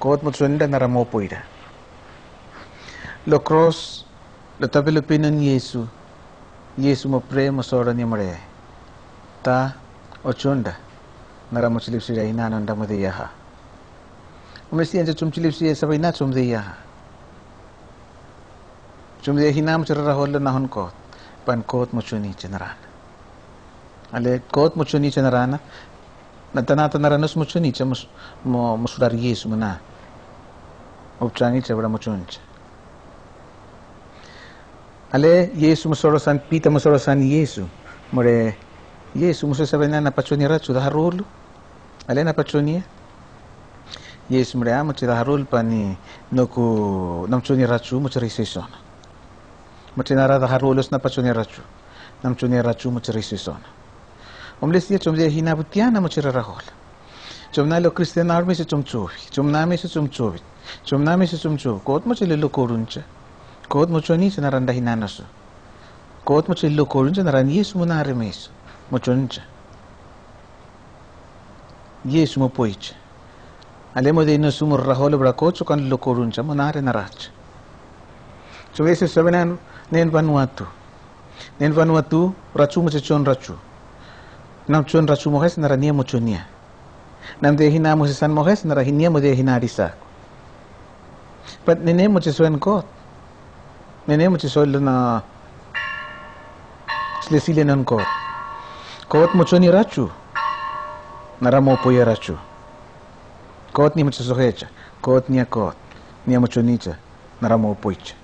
kot mo chunira na ramo poira lo cross lo tabelo pinan yesu yesu mo prema sorani mare ta ochunda ochonda naramochilipsira hinananda madiyaha umesianja tumchilipsie sabaina tumdhiya tumdhiya hinam chiraraholla nahon kot pan kot muchuni chinaran ale kot muchuni chinarana natanata naranus muchuni cha musurar yesu muna upchangi cha bra muchuncha ale yesu musoro san pita musoro san yesu more yesu muso sabaina na pachonira chudaharulu ale na pachonia Yes macam mutilaharul pani naku, racu macam noku namchuni rachu muchirisisona. Mutinara harulus na pachuni rachu. Namchuni rachu Om lesti ya cuma hina butiana muchirarahol. Cuma nalo Kristen army se chumchuvi. Chumna me se chumchuvi. Chumna me se chumchuvi. Kot muchililo korunche. Kot muchoni se naranda hinanasu. Kot muchililo korunche narani yesu macam ni. Yesus mau mupoiche. Alemodino sumur raholo brakocho kan lokoruncha monare narach. So vese sabenan nen vanuatu. Nen vanuatu rachu mo chon rachu. Nam chon rachu mojes narania mochonia. Nam de hina mo san mojes narahinia mo de hina risa. But nene mo chesuen kot. Nene mo chesol na slesile nan kot. Kot mochoni rachu. Naramo poya rachu. Kot ni mchesohecha, kot ni kot, ni mochonicha, naramo opoicha.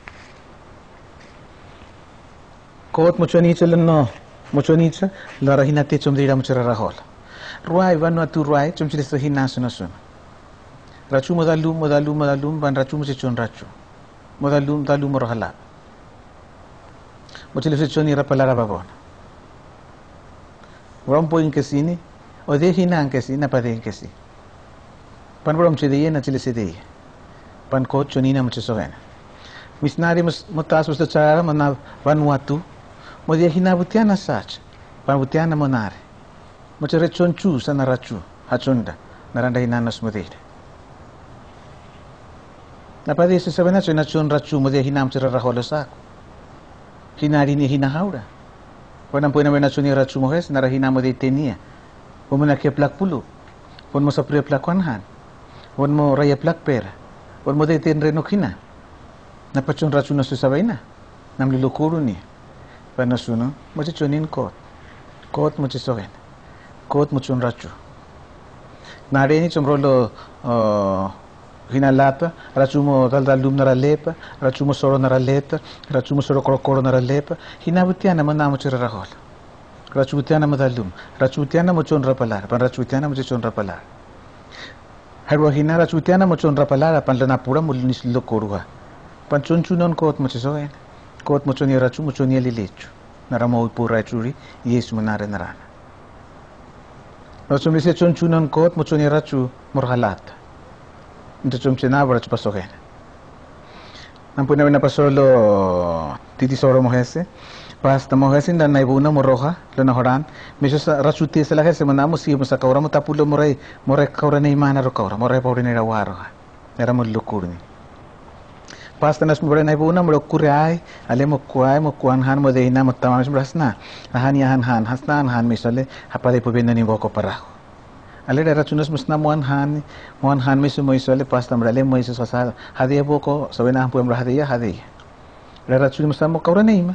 Kot mochonicha lenno, mochonicha, la rahina te chomdira muchera rahol. Ruai vanu atu ruai chomchire sohina suna suna. Rachu modalum, modalum, modalum, ban rachu muchechon rachu. Modalum, dalum, rohalab. Mochile sochon ira palara babona. Rompo inkesini, odehi na inkesini, napadei inkesini. ಪನ್ಪಡಂಚಿದೆಯೇ ನಚಿಲಿಸಿದೆಯೇ ಪನ್ಕೋ ಚುನೀನ ಮುಚ್ಚಿಸೋಗೇನೆ ಮಿಸ್ನಾರಿ ಮುಸ್ ಮುತ್ತಾಸ್ ಮುಸ್ತಚಾರ ಮನ್ನ ವನ್ವಾತು ಮುದಿಯ ಹಿನಾ ಬುತ್ಯಾನ ಸಾಚ್ ಪನ್ ಬುತ್ಯಾನ ಮೊನಾರೆ ಮುಚ್ಚರೆ ಚೊಂಚು ಸನ ರಚು ಹಚುಂಡ ನರಂಡ ಹಿನಾನ ಸ್ಮುದಿಡೆ ನಪದೆ ಇಸು ಸವೆನ ಚುನ ಚುನ್ ರಚು ಮುದಿಯ ಹಿನಾ ಮುಚ್ಚರ ರಹೋಲ ಸಾಕು ಹಿಂari ni hinahawra. Kung ang puwena nasun ni Ratsumohes, narahina mo di tenia. Kung mo nakiplak pulo. Kung mo sa priplakwanhan. Wan mo raya plak per. Wan mo dayta reno kina. Napatsun ratsun na susabay na. Nam Namlilukuro ni. Panasuno, mo si chunin kot. Kot mo si sogen. Kot mo chun ratsu. Nareni chum rolo hinalapa, rachumo daldalum naralepa, mo soro naraleta, mo soro korokoro naralepa, hinabutiana manamo chirarahol. Rachutiana madalum, na mo chonra palar, pan na mo chonra palar. Harwahina ra chutiana mo chon rapalara pandan lana pura mo nislo korua. Pan chon kot mo chiso Kot macam ni racu macam ni chon Nara mau pura curi Yesu menara narana. Lo chon bise chon chunon kot mo chon yara chu morhalata. Nto chon chena bara chu paso ya. Nampuna na pasolo titisoro mo و estamos haciendo na ibuna morroja pues, lo nahoran me rasuti se la gente manda musi musa kaura muta pulo more more kaura ne imana ro kaura more era mul lukurni pasta nas mure na ibuna muro kurai ale mo mo kuan han mo deina mo tamamis brasna han ya han han hasnan han me sale hapare pubenda pues, ni para parajo ale era chunos musna han moan han me sumo isole pasta mrale mo isos hadia boko sabena puem rahadia hadia era chunos mo kaura neima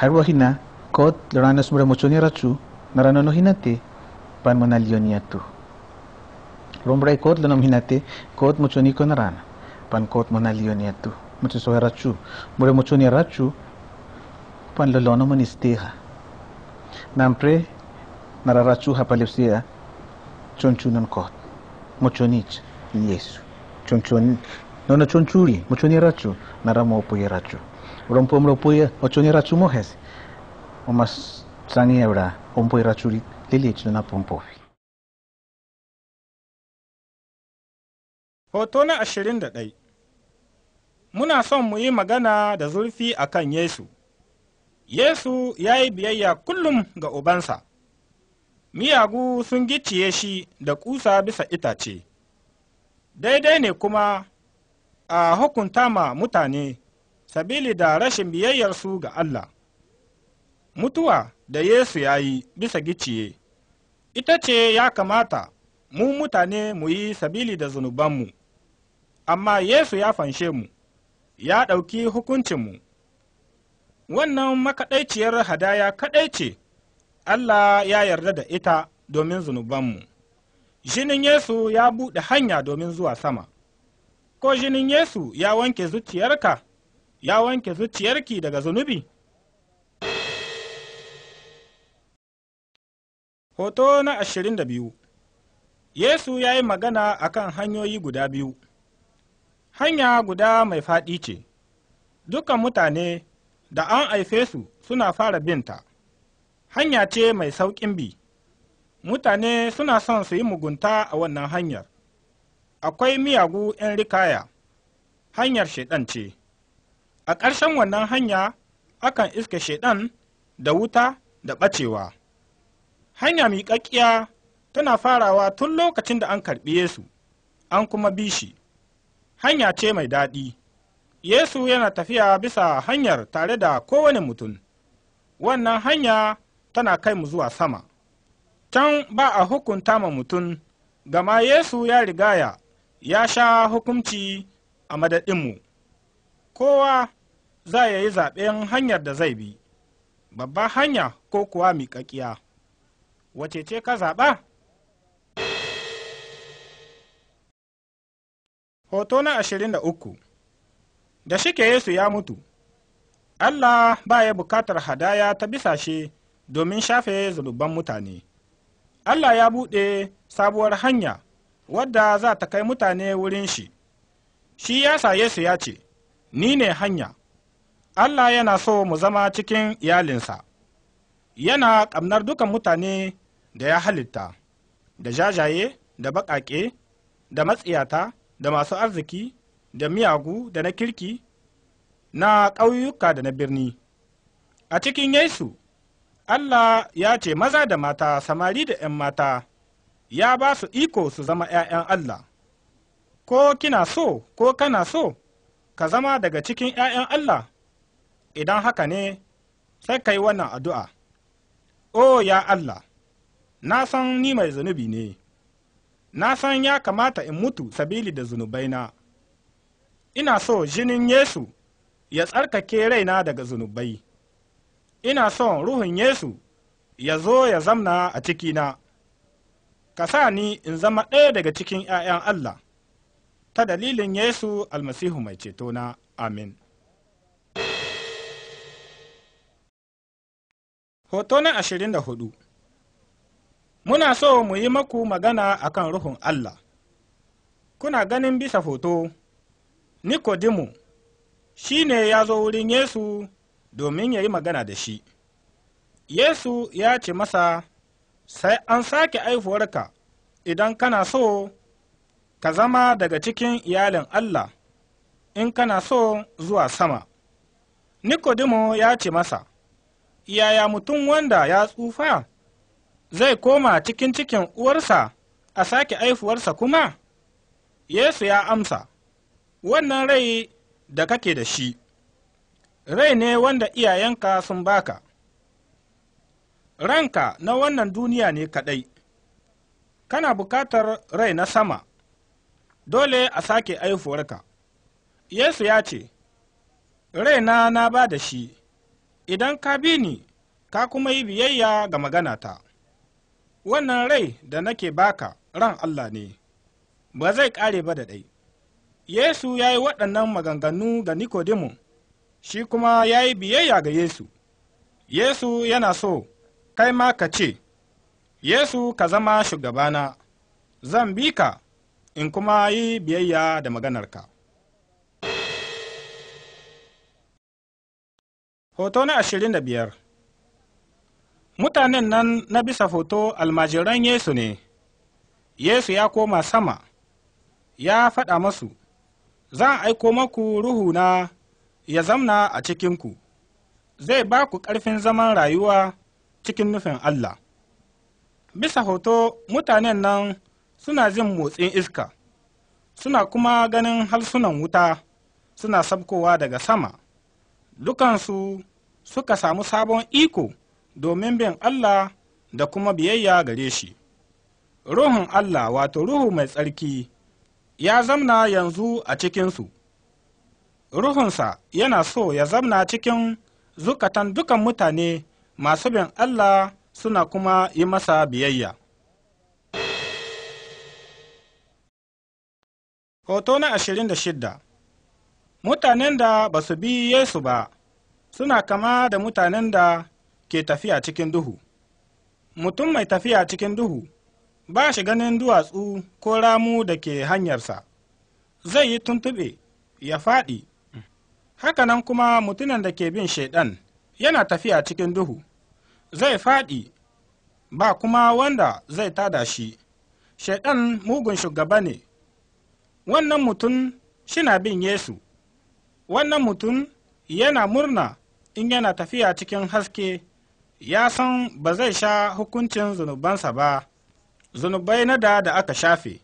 harwahina kot lorana sumra mochoni racu narana no hinate pan manalion yatu rombrai kot lanam hinate kot mochoni ko narana pan kot manalion yatu mucho so racu mure mochoni racu pan lolono manisteha nampre nararacu hapalepsia chonchunan kot mochonich yesu chonchon nona chonchuri mochoni racu naramo opoye racu rompompoi ochoni rachumo hesi omas sangi ebra ompoi rachuri lili chuna pompovi Hoto na ashirin da ɗai Muna son mu yi magana da zurfi a kan Yesu. Yesu ya yi biyayya kullum ga Ubansa, miyagu sun gicciye shi da kusa bisa itace, daidai ne kuma a hukunta ma mutane sabili da rashin biyayyarsu ga Allah. Mutuwa da Yesu ya yi bisa giciye, ita ce ya kamata mu mutane mu yi sabili da zunubanmu, amma Yesu ya fanshe mu, ya ɗauki hukuncinmu. Wannan makaɗaiciyar hadaya kaɗai ce, Allah ya yarda da ita domin zunubanmu. Jinin Yesu ya buɗe hanya domin zuwa sama, ko jinin Yesu ya wanke zuciyarka? ya wanke zuciyarki daga zunubi hoto na ashirin da biyu yesu ya yi magana a kan hanyoyi guda biyu hanya guda mai faɗi ce dukan mutane da an haife su suna fara binta hanya ce mai sauƙin bi mutane suna son su yi mugunta a wannan hanyar akwai miyagu 'yan rikaya hanyar shaiɗan ce a ƙarshen wannan hanya akan iska shaiɗan da wuta da ɓacewa hanya miƙaƙƙiya tana farawa tun lokacin da an karɓi yesu an kuma bi shi hanya ce mai daɗi yesu yana tafiya bisa hanyar tare da kowane mutum wannan hanya tana kai mu zuwa sama can ba a hukunta ma mutum gama yesu ya rigaya ya sha hukunci a madadinmu kowa za ya yi zaɓen hanyar da zai bi babba hanya ko kuwa miƙaƙiya wace ce ka zaɓa hoto na ashirin da uku da shike yesu ya mutu allah ba ya bukatar hadaya ta bisa shi domin shafe zunuban mutane allah ya buɗe sabuwar hanya wadda za ta kai mutane wurin shi shi yasa sa yesu ya ce ni ne hanya Allah yana so mu zama cikin iyalinsa, yana ƙamnar dukan mutane da ya halitta, da jajaye, da baƙaƙe, da matsiyata, da masu arziki, da miyagu, da na kirki, na ƙauyuka da na birni. A cikin Yesu, Allah ya ce maza da mata, samari da ‘yan mata, ya ba su iko su zama ‘ya'yan Allah. Ko kina so, ko kana so, ka zama daga cikin ‘ya'yan Allah. idan haka ne sai ka yi wannan addu'a, O ya Allah, na san ni mai zunubi ne, na san ya kamata in mutu sabili da zunubaina, ina so jinin Yesu ya tsarkake raina daga zunubai, ina so ruhun Yesu ya zo ya zamna a cikina, ka sa ni in zama ɗaya daga cikin ‘ya'yan Allah, ta dalilin Yesu almasihu mai cetona, amin. Hoto na ashirin da hudu Muna so mu yi maku magana a kan Ruhun Allah. Kuna ganin bisa hoto, Nikodimu shi ne ya zo wurin Yesu domin ya yi magana da shi. Yesu ya ce masa, Sai an sake aifuwarka idan kana so ka zama daga cikin iyalin Allah, in kana so zuwa sama. Nikodimu ya ce masa, yaya mutum wanda ya tsufa zai koma cikin cikin uwarsa a sake aifuwarsa kuma? Yesu ya amsa, wannan rai da kake da shi, rai ne wanda iyayenka sun baka. Ranka na wannan duniya ne kaɗai, kana bukatar rai na sama, dole a sake aifuwarka. Yesu ya ce, Raina na ba da shi. idan ka bi ni ka kuma yi biyayya ga magana ta. wannan rai da nake baka ran Allah ne ba zai ƙare ba da ɗai Yesu ya yi waɗannan maganganu ga Nikodimu shi kuma ya yi biyayya ga Yesu Yesu yana so kai ma ka ce Yesu ka zama shugabana zan bi ka in kuma yi biyayya da maganarka. Hoto na ashirin da biyar Mutanen nan na bisa hoto almajiran Yesu ne, Yesu ya koma sama, ya faɗa masu, Zan aiko maku ruhuna ya zamna a cikinku, zai ba ku ƙarfin zaman rayuwa cikin nufin Allah. Bisa hoto mutanen nan suna jin motsin iska, suna kuma ganin harsunan wuta suna sabkowa daga sama, dukansu suka samu sabon iko domin bin Allah da kuma biyayya gare shi. Ruhun Allah wato Ruhu mai tsarki ya zamna yanzu a cikinsu. Ruhunsa yana so ya zamna cikin zukatan dukan mutane masu bin Allah suna kuma yi masa biyayya. Hoto na ashirin da shidda Mutanen da ba su bi Yesu ba suna kama da mutanen da ke tafiya cikin duhu mutum mai tafiya cikin duhu ba shi ganin duwatsu ko ramu da ke hanyarsa zai yi tuntuɓe ya faɗi hakanan kuma mutumin da ke bin shaiɗan yana tafiya cikin duhu zai faɗi ba kuma wanda zai tada shi shaiɗan mugun shugaba ne wannan mutum shina bin yesu wannan mutum yana murna in yana tafiya cikin haske ya san ba zai sha hukuncin zunubansa ba zunubai na da da aka shafe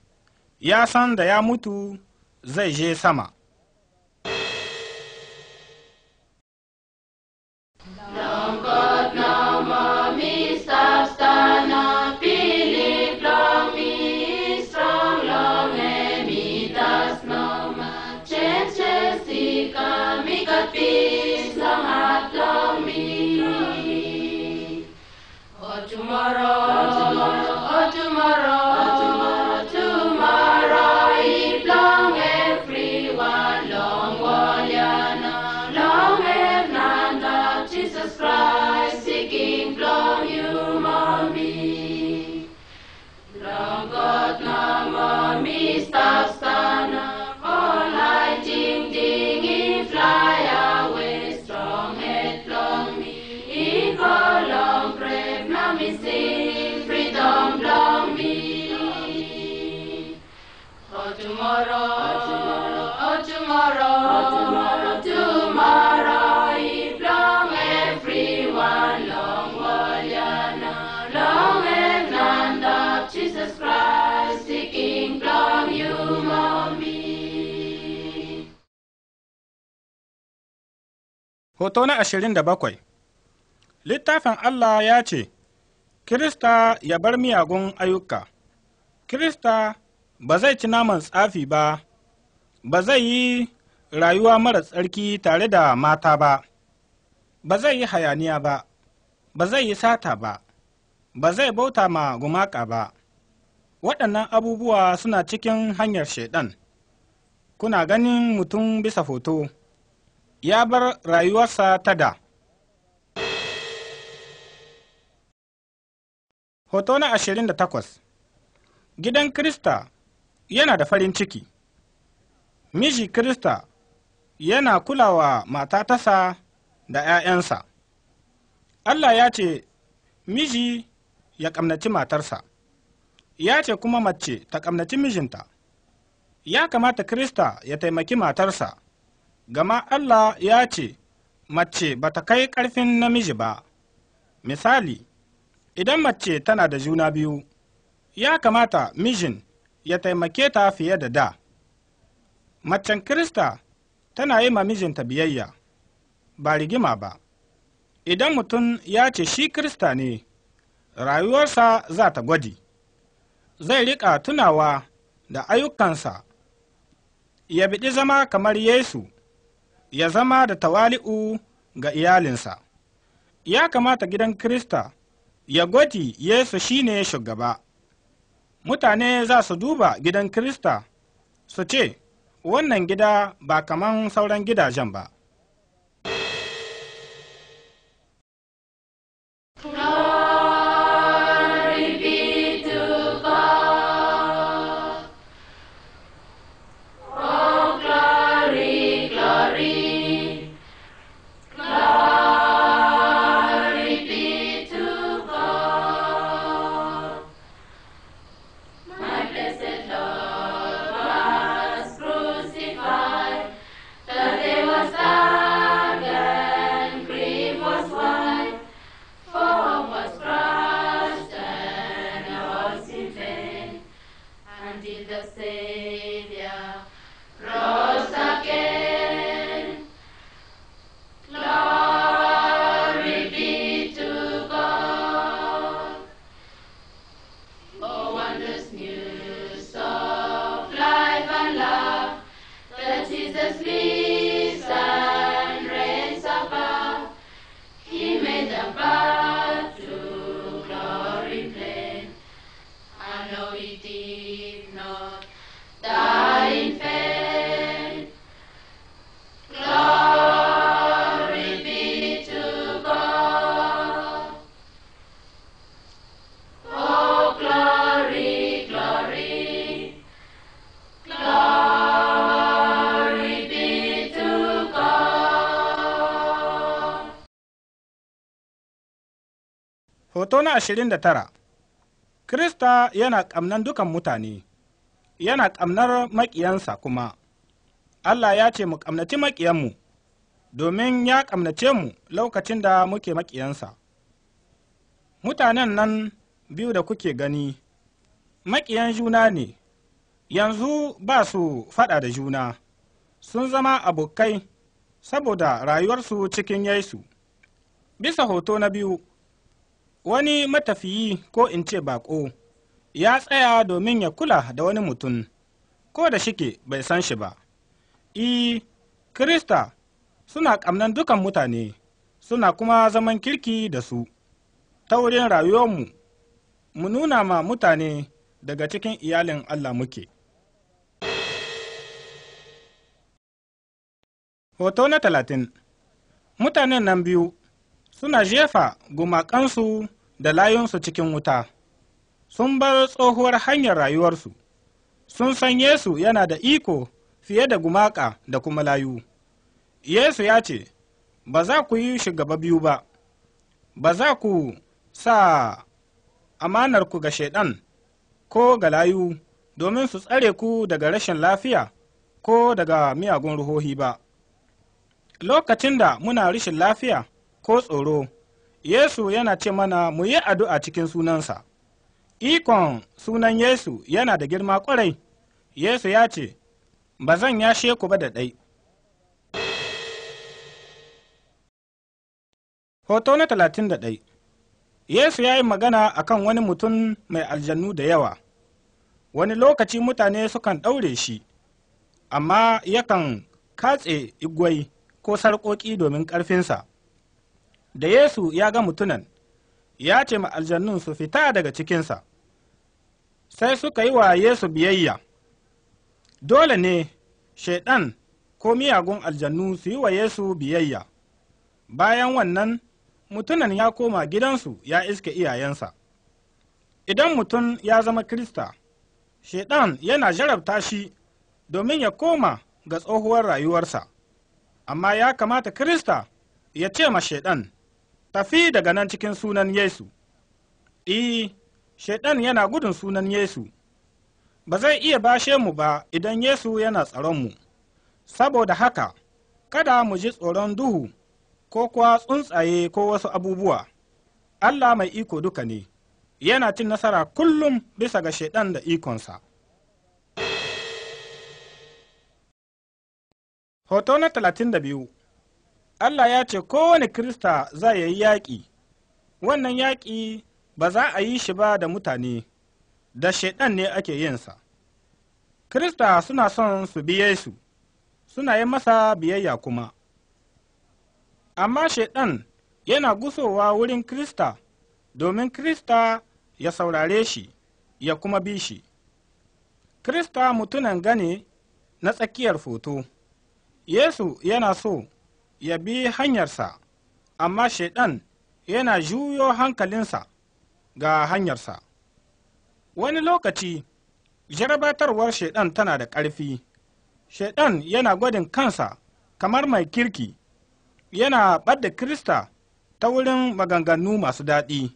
ya san da ya mutu zai je sama Sarah. Hoto na ashirin da bakwai Littafin Allah ya ce, Kirista ya bar miyagun ayyuka, Kirista ba zai ci naman tsafi ba, ba zai yi rayuwa mara tsarki tare da mata ba, ba zai yi hayaniya ba, ba zai yi sata ba, ba zai bauta ma gumaka ba. Waɗannan abubuwa suna cikin hanyar Shaiɗan. Kuna ganin mutum bisa hoto. ya bar rayuwarsa ta da. Hoto na ashirin da takwas Gidan Krista yana da farin ciki. Miji Krista yana kulawa mata tasa da ‘ya'yansa. Allah ya ce, Miji ya ƙamnaci matarsa, ya ce kuma mace ta ƙamnaci mijinta. Ya kamata Krista ya taimaki matarsa. gama Allah ya ce, Mace ba ta kai ƙarfin namiji ba. Misali, idan mace tana da juna biyu, ya kamata mijin ya taimake ta fiye da da. Macen Kirista tana yi ma mijinta biyayya, ba rigima ba. Idan mutum ya ce shi Kirista ne, rayuwarsa za ta gwaji. Zai riƙa tunawa da ayyukansa, ya biɗi zama kamar Yesu. ya zama da tawali'u ga iyalinsa. Ya kamata gidan Krista ya gwati Yesu shine shugaba. Mutane za su duba gidan Krista su ce, Wannan gida ba kaman sauran gidajen ba. Hoto na ashirin da tara Krista yana ƙamnan dukan mutane, yana ƙamnar maƙiyansa kuma. Allah ya ce mu ƙamnaci maƙiyanmu, domin ya ƙamnace mu lokacin da muke maƙiyansa. Mutanen nan biyu da kuke gani, maƙiyan juna ne, yanzu ba su faɗa da juna, sun zama abokai saboda rayuwarsu cikin Yesu. Bisa hoto na biyu. wani matafiyi ko in ce baƙo ya tsaya domin ya kula da wani mutum ko da shike bai san shi ba i krista suna ƙamnan dukan mutane suna kuma zaman kirki da su ta wurin rayuwarmu mu nuna ma mutane daga cikin iyalin allah muke hoto na talatin mutanen nan biyu suna jefa gumakansu da layunsu cikin wuta sun bar tsohuwar hanyar rayuwarsu sun san yesu yana da iko fiye da gumaka da kuma layu yesu ya ce ba za ku yi shugaba biyu ba ba za ku sa amanar ku ga Shaiɗan ko ga layu domin su tsare ku daga rashin lafiya ko daga miyagun ruhohi ba lokacin da muna rashin lafiya ko tsoro Yesu yana ce mana mu yi addu'a cikin sunansa. Ikon sunan Yesu yana da girma ƙwarai. Yesu ya ce, Ba zan yashe ku ba da ɗai. Hoto na talatin da ɗai Yesu ya yi magana a kan wani mutum mai aljannu da yawa. Wani lokaci mutane sukan ɗaure shi, amma yakan katse igwai ko sarƙoƙi domin ƙarfinsa. da Yesu ya ga mutunan, ya ce ma aljannun su fita daga cikinsa, sai suka yi wa Yesu biyayya. Dole ne Shaiɗan ko miyagun aljannu su yi wa Yesu biyayya. Bayan wannan, mutunan ya koma gidansu ya iske iyayensa. Idan mutum ya zama Kirista, Shaiɗan yana jarabta shi domin ya koma ga tsohuwar rayuwarsa, amma ya kamata Kirista ya ce ma Shaiɗan, tafi daga nan cikin sunan Yesu. ɗi, e, Shaiɗan yana gudun sunan Yesu, ba zai iya bashe mu ba idan Yesu yana tsaronmu, saboda haka, kada mu ji tsoron duhu ko kuwa tsuntsaye ko wasu abubuwa. Allah mai iko duka ne, yana cin nasara kullum bisa ga Shaiɗan da ikonsa. Hoto na talatin da biyu Allah ya ce kowane Kirista za ya yi yaƙi, wannan yaƙi ba za a yi shi ba da mutane, da shaiɗan ne ake yinsa. Kirista suna son su biye su, suna yi masa biyayya kuma. Amma shaiɗan yana gusowa wurin Kirista domin Kirista ya saurare shi, ya kuma bi shi. krista mutunan gane na tsakiyar foto, Yesu yana so. ya bi hanyarsa, amma Shaiɗan yana juyo hankalinsa ga hanyarsa. Wani lokaci, jarabatarwar Shaiɗan tana da ƙarfi, Shaiɗan yana gwadin kansa kamar mai kirki, yana ɓadda Kirista ta wurin maganganu masu daɗi.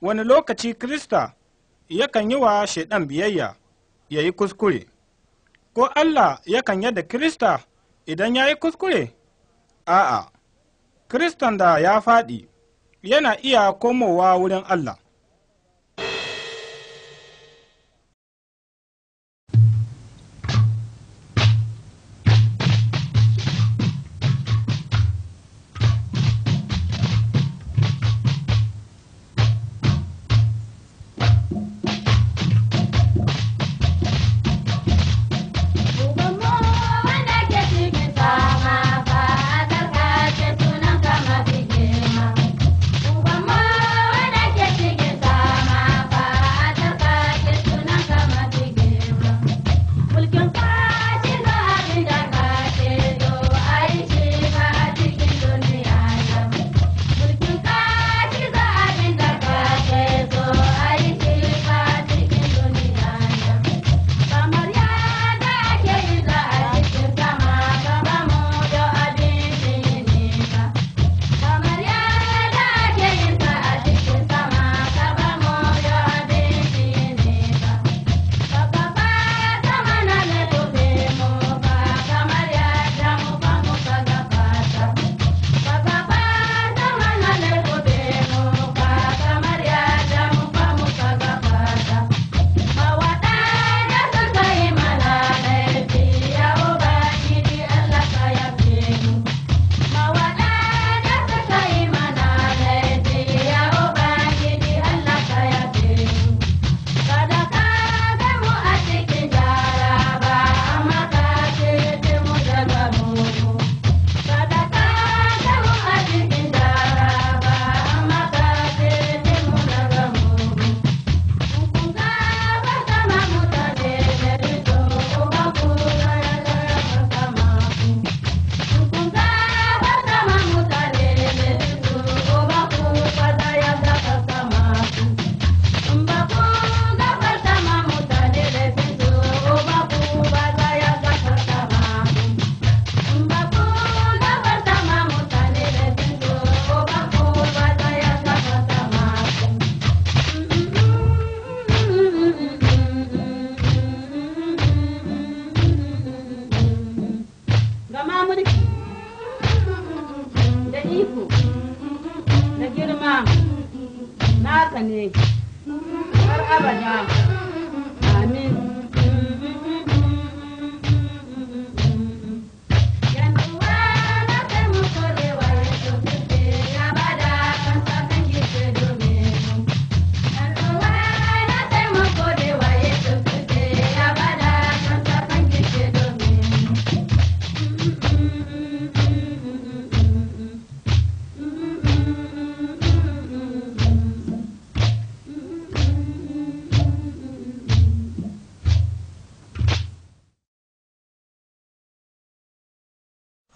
Wani lokaci Kirista yakan yi wa Shaiɗan biyayya ya yi kuskure, ko Allah yakan yadda Kirista idan ya yi kuskure? A'a, Kiristan da ya faɗi yana iya komowa wurin Allah.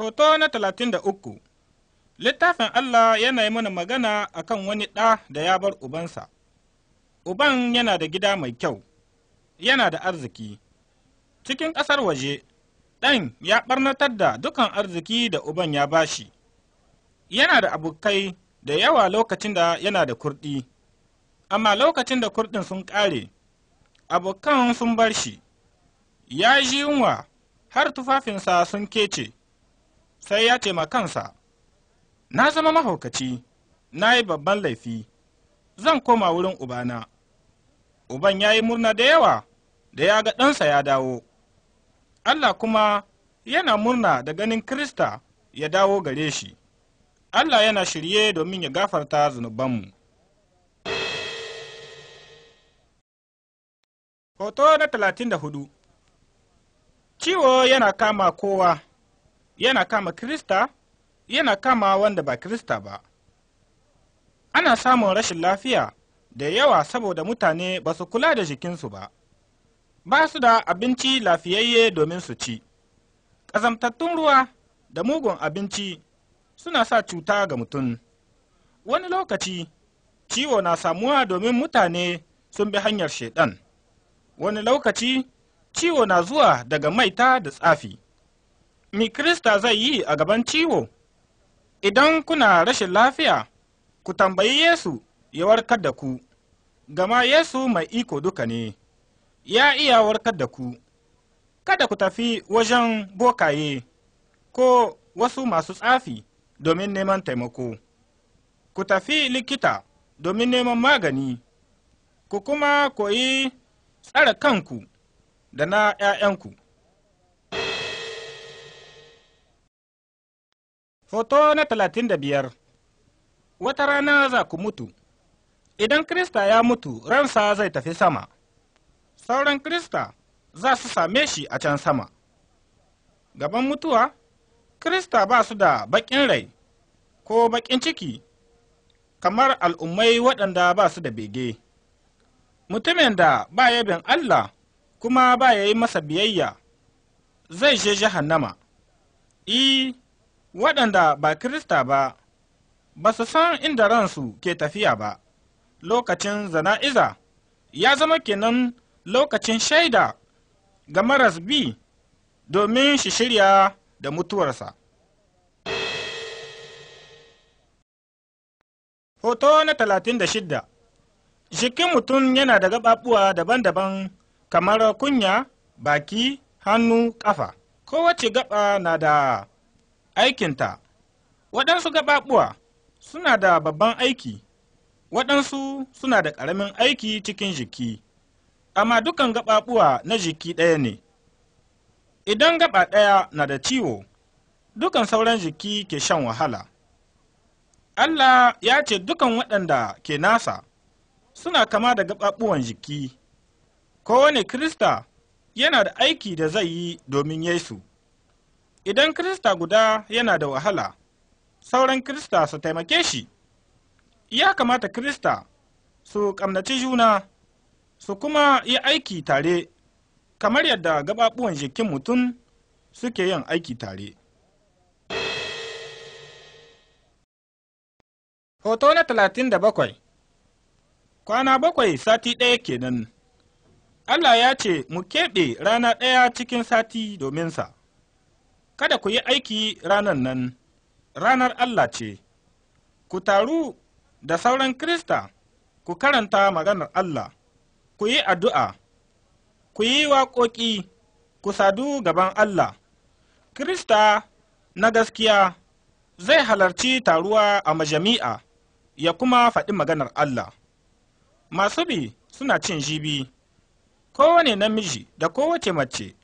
Hoto na talatin da uku Littafin Allah yana yi mana magana a kan wani ɗa da ya bar ubansa. Uban yana da gida mai kyau, yana da arziki. Cikin ƙasar waje, ɗan ya ɓarnatar da dukan arziki da uban ya bashi. Yana da abokai da yawa lokacin da yana da kurɗi, amma lokacin da kurɗin sun ƙare, abokan sun bar shi. Ya ji yunwa har tufafinsa sun kece. sai ya ce ma kansa na zama mahaukaci na yi babban laifi zan koma wurin ubana uban ya yi murna da yawa da ya ga ɗansa ya dawo allah kuma yana murna da ganin krista ya dawo gare shi allah yana shirye domin ya gafarta zunubanmu hoto na talatin da hudu ciwo yana kama kowa yana kama Krista, yana kama wanda ba Krista ba. Ana samun rashin lafiya da yawa saboda mutane ba su kula da jikinsu ba, ba su da abinci lafiyayye domin su ci. Ƙazamtattun ruwa da mugun abinci suna sa cuta ga mutum. Wani lokaci, ciwo na samuwa domin mutane sun bi hanyar shaiɗan. Wani lokaci, ciwo na zuwa daga maita da tsafi. mi Krista zai yi a gaban ciwo? Idan kuna rashin lafiya, ku tambayi Yesu ya warkar da ku, gama Yesu mai iko duka ne, ya iya warkar da ku. Kada ku tafi wajen bokaye ko wasu masu tsafi domin neman taimako. Ku tafi likita domin neman magani, ku kuma koyi tsare kanku da na ‘ya'yanku. Hoto na talatin da biyar Wata rana za ku mutu, idan Krista ya mutu ransa zai tafi sama, sauran Krista za su same shi a can sama. Gaban mutuwa, Krista ba su da baƙin rai ko baƙin ciki, kamar al'ummai waɗanda ba su da bege. Mutumin da ba yabin Allah kuma ba ya yi masa biyayya, zai je jahannama. nama. waɗanda ba Kirista ba, ba su san inda ransu ke tafiya ba, lokacin zana'iza ya zama kenan lokacin shaida ga maras bi domin shi shirya da mutuwarsa. Hoto na talatin da shidda Jikin mutum yana da gaɓaɓuwa daban-daban kamar kunya, baki, hannu, ƙafa. Kowace gaɓa na da aikinta waɗansu gaɓaɓuwa suna da babban aiki waɗansu suna da ƙaramin aiki cikin jiki amma dukan gaɓaɓuwa na jiki ɗaya ne idan gaɓa ɗaya na da ciwo dukan sauran jiki ke shan wahala allah ya ce dukan waɗanda ke nasa suna kama da gaɓaɓuwan jiki kowane krista yana da aiki da zai yi domin yesu idan Kirista guda yana da wahala, sauran Kirista su taimake shi. Ya kamata Kirista su ƙamnaci juna, su kuma yi aiki tare, kamar yadda gaɓaɓuwan jikin mutum suke yin aiki tare. Hoto na talatin da bakwai Kwana bakwai sati ɗaya kenan. Allah ya ce mu keɓe rana ɗaya cikin sati domin sa. kada ku yi aiki ranar nan, ranar Allah ce, ku taru da sauran Krista, ku karanta maganar Allah, ku yi addu'a, ku yi waƙoƙi, ku sadu gaban Allah. Krista na gaskiya zai halarci taruwa a majami'a ya kuma faɗi maganar Allah. Masu bi suna cin jibi, kowane namiji da kowace mace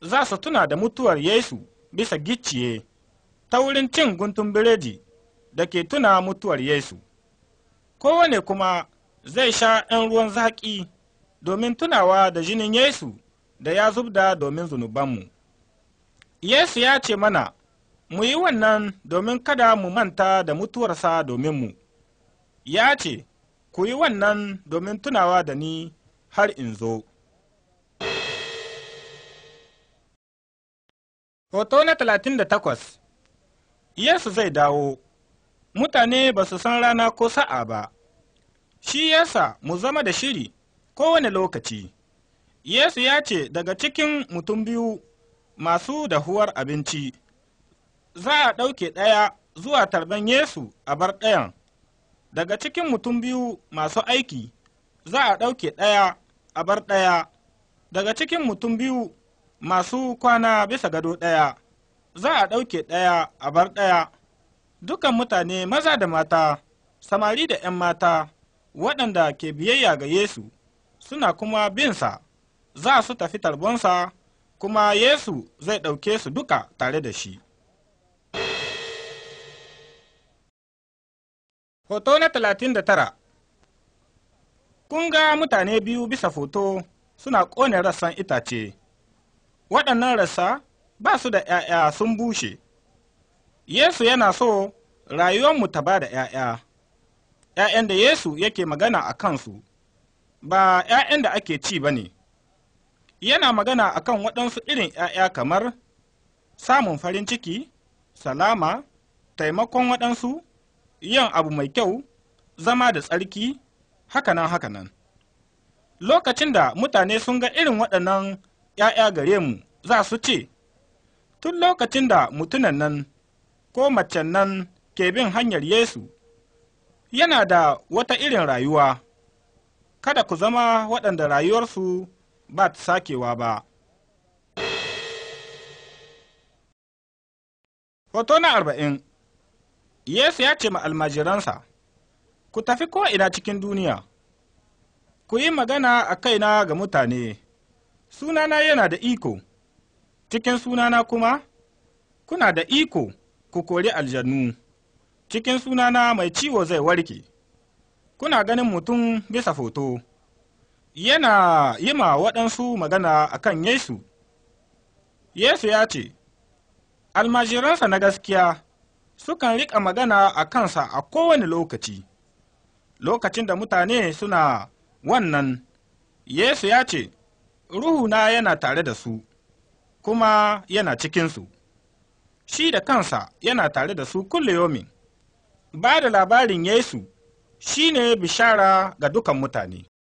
za su tuna da mutuwar Yesu. bisa gicciye ta wurin cin guntun biredi da ke tuna mutuwar Yesu. Kowane kuma zai sha ‘yan ruwan zaƙi domin tunawa da jinin Yesu da ya zubda domin zunubanmu. Yesu ya ce mana, mu yi wannan domin kada mu manta da mutuwarsa domin mu. Ya ce, ku yi wannan domin tunawa da ni har in zo. Hoto na talatin da takwas Yesu zai dawo, mutane ba su san rana ko sa'a ba, shi yasa mu zama da shiri kowane lokaci. Yesu ya ce daga cikin mutum biyu masu dahuwar abinci, za a ɗauke ɗaya zuwa tarban Yesu a bar ɗayan. Daga cikin mutum biyu masu aiki, za a ɗauke ɗaya a bar ɗaya. Daga cikin mutum biyu masu kwana bisa gado ɗaya za a ɗauke ɗaya a bar ɗaya dukan mutane maza da mata samari da 'yan mata waɗanda ke biyayya ga yesu suna kuma binsa za su tafi tarbonsa kuma yesu zai ɗauke su duka tare da shi hoto na talatin da tara kun ga mutane biyu bisa foto suna ƙone rassan itace waɗannan rasa ba su da ‘ya'ya sun bushe. Yesu yana so rayuwarmu ta ba da ‘ya'ya, ‘ya'yan da Yesu yake magana a kansu, ba ‘ya'yan da ake ci ba ne. Yana magana a kan waɗansu irin ‘ya'ya kamar samun farin ciki, salama, taimakon waɗansu, yin abu mai kyau, zama da tsarki, hakanan hakanan. Lokacin da mutane sun ga irin waɗannan ‘ya'ya gare mu za su ce, Tun lokacin da mutunan nan ko macen nan ke bin hanyar Yesu, yana da wata irin rayuwa, kada ku zama waɗanda rayuwarsu ba ta sakewa ba. Hoto na arba'in Yesu ya ce ma almajiransa, Ku tafi ko'ina cikin duniya, ku yi magana a kaina ga mutane. sunana yana da iko, cikin sunana kuma kuna da iko ku kori aljannu, cikin sunana mai ciwo zai warke. Kuna ganin mutum bisa foto, yana yi ma waɗansu magana a kan Yesu. Yesu ya ce, Almajiransa na gaskiya sukan riƙa magana a kansa a kowane lokaci, lokacin da mutane suna wannan, Yesu ya ce, ruhu na yana tare da su, kuma yana cikinsu. Shi da kansa yana tare da su kulliyomin. Ba da labarin Yesu shi ne bishara ga dukan mutane.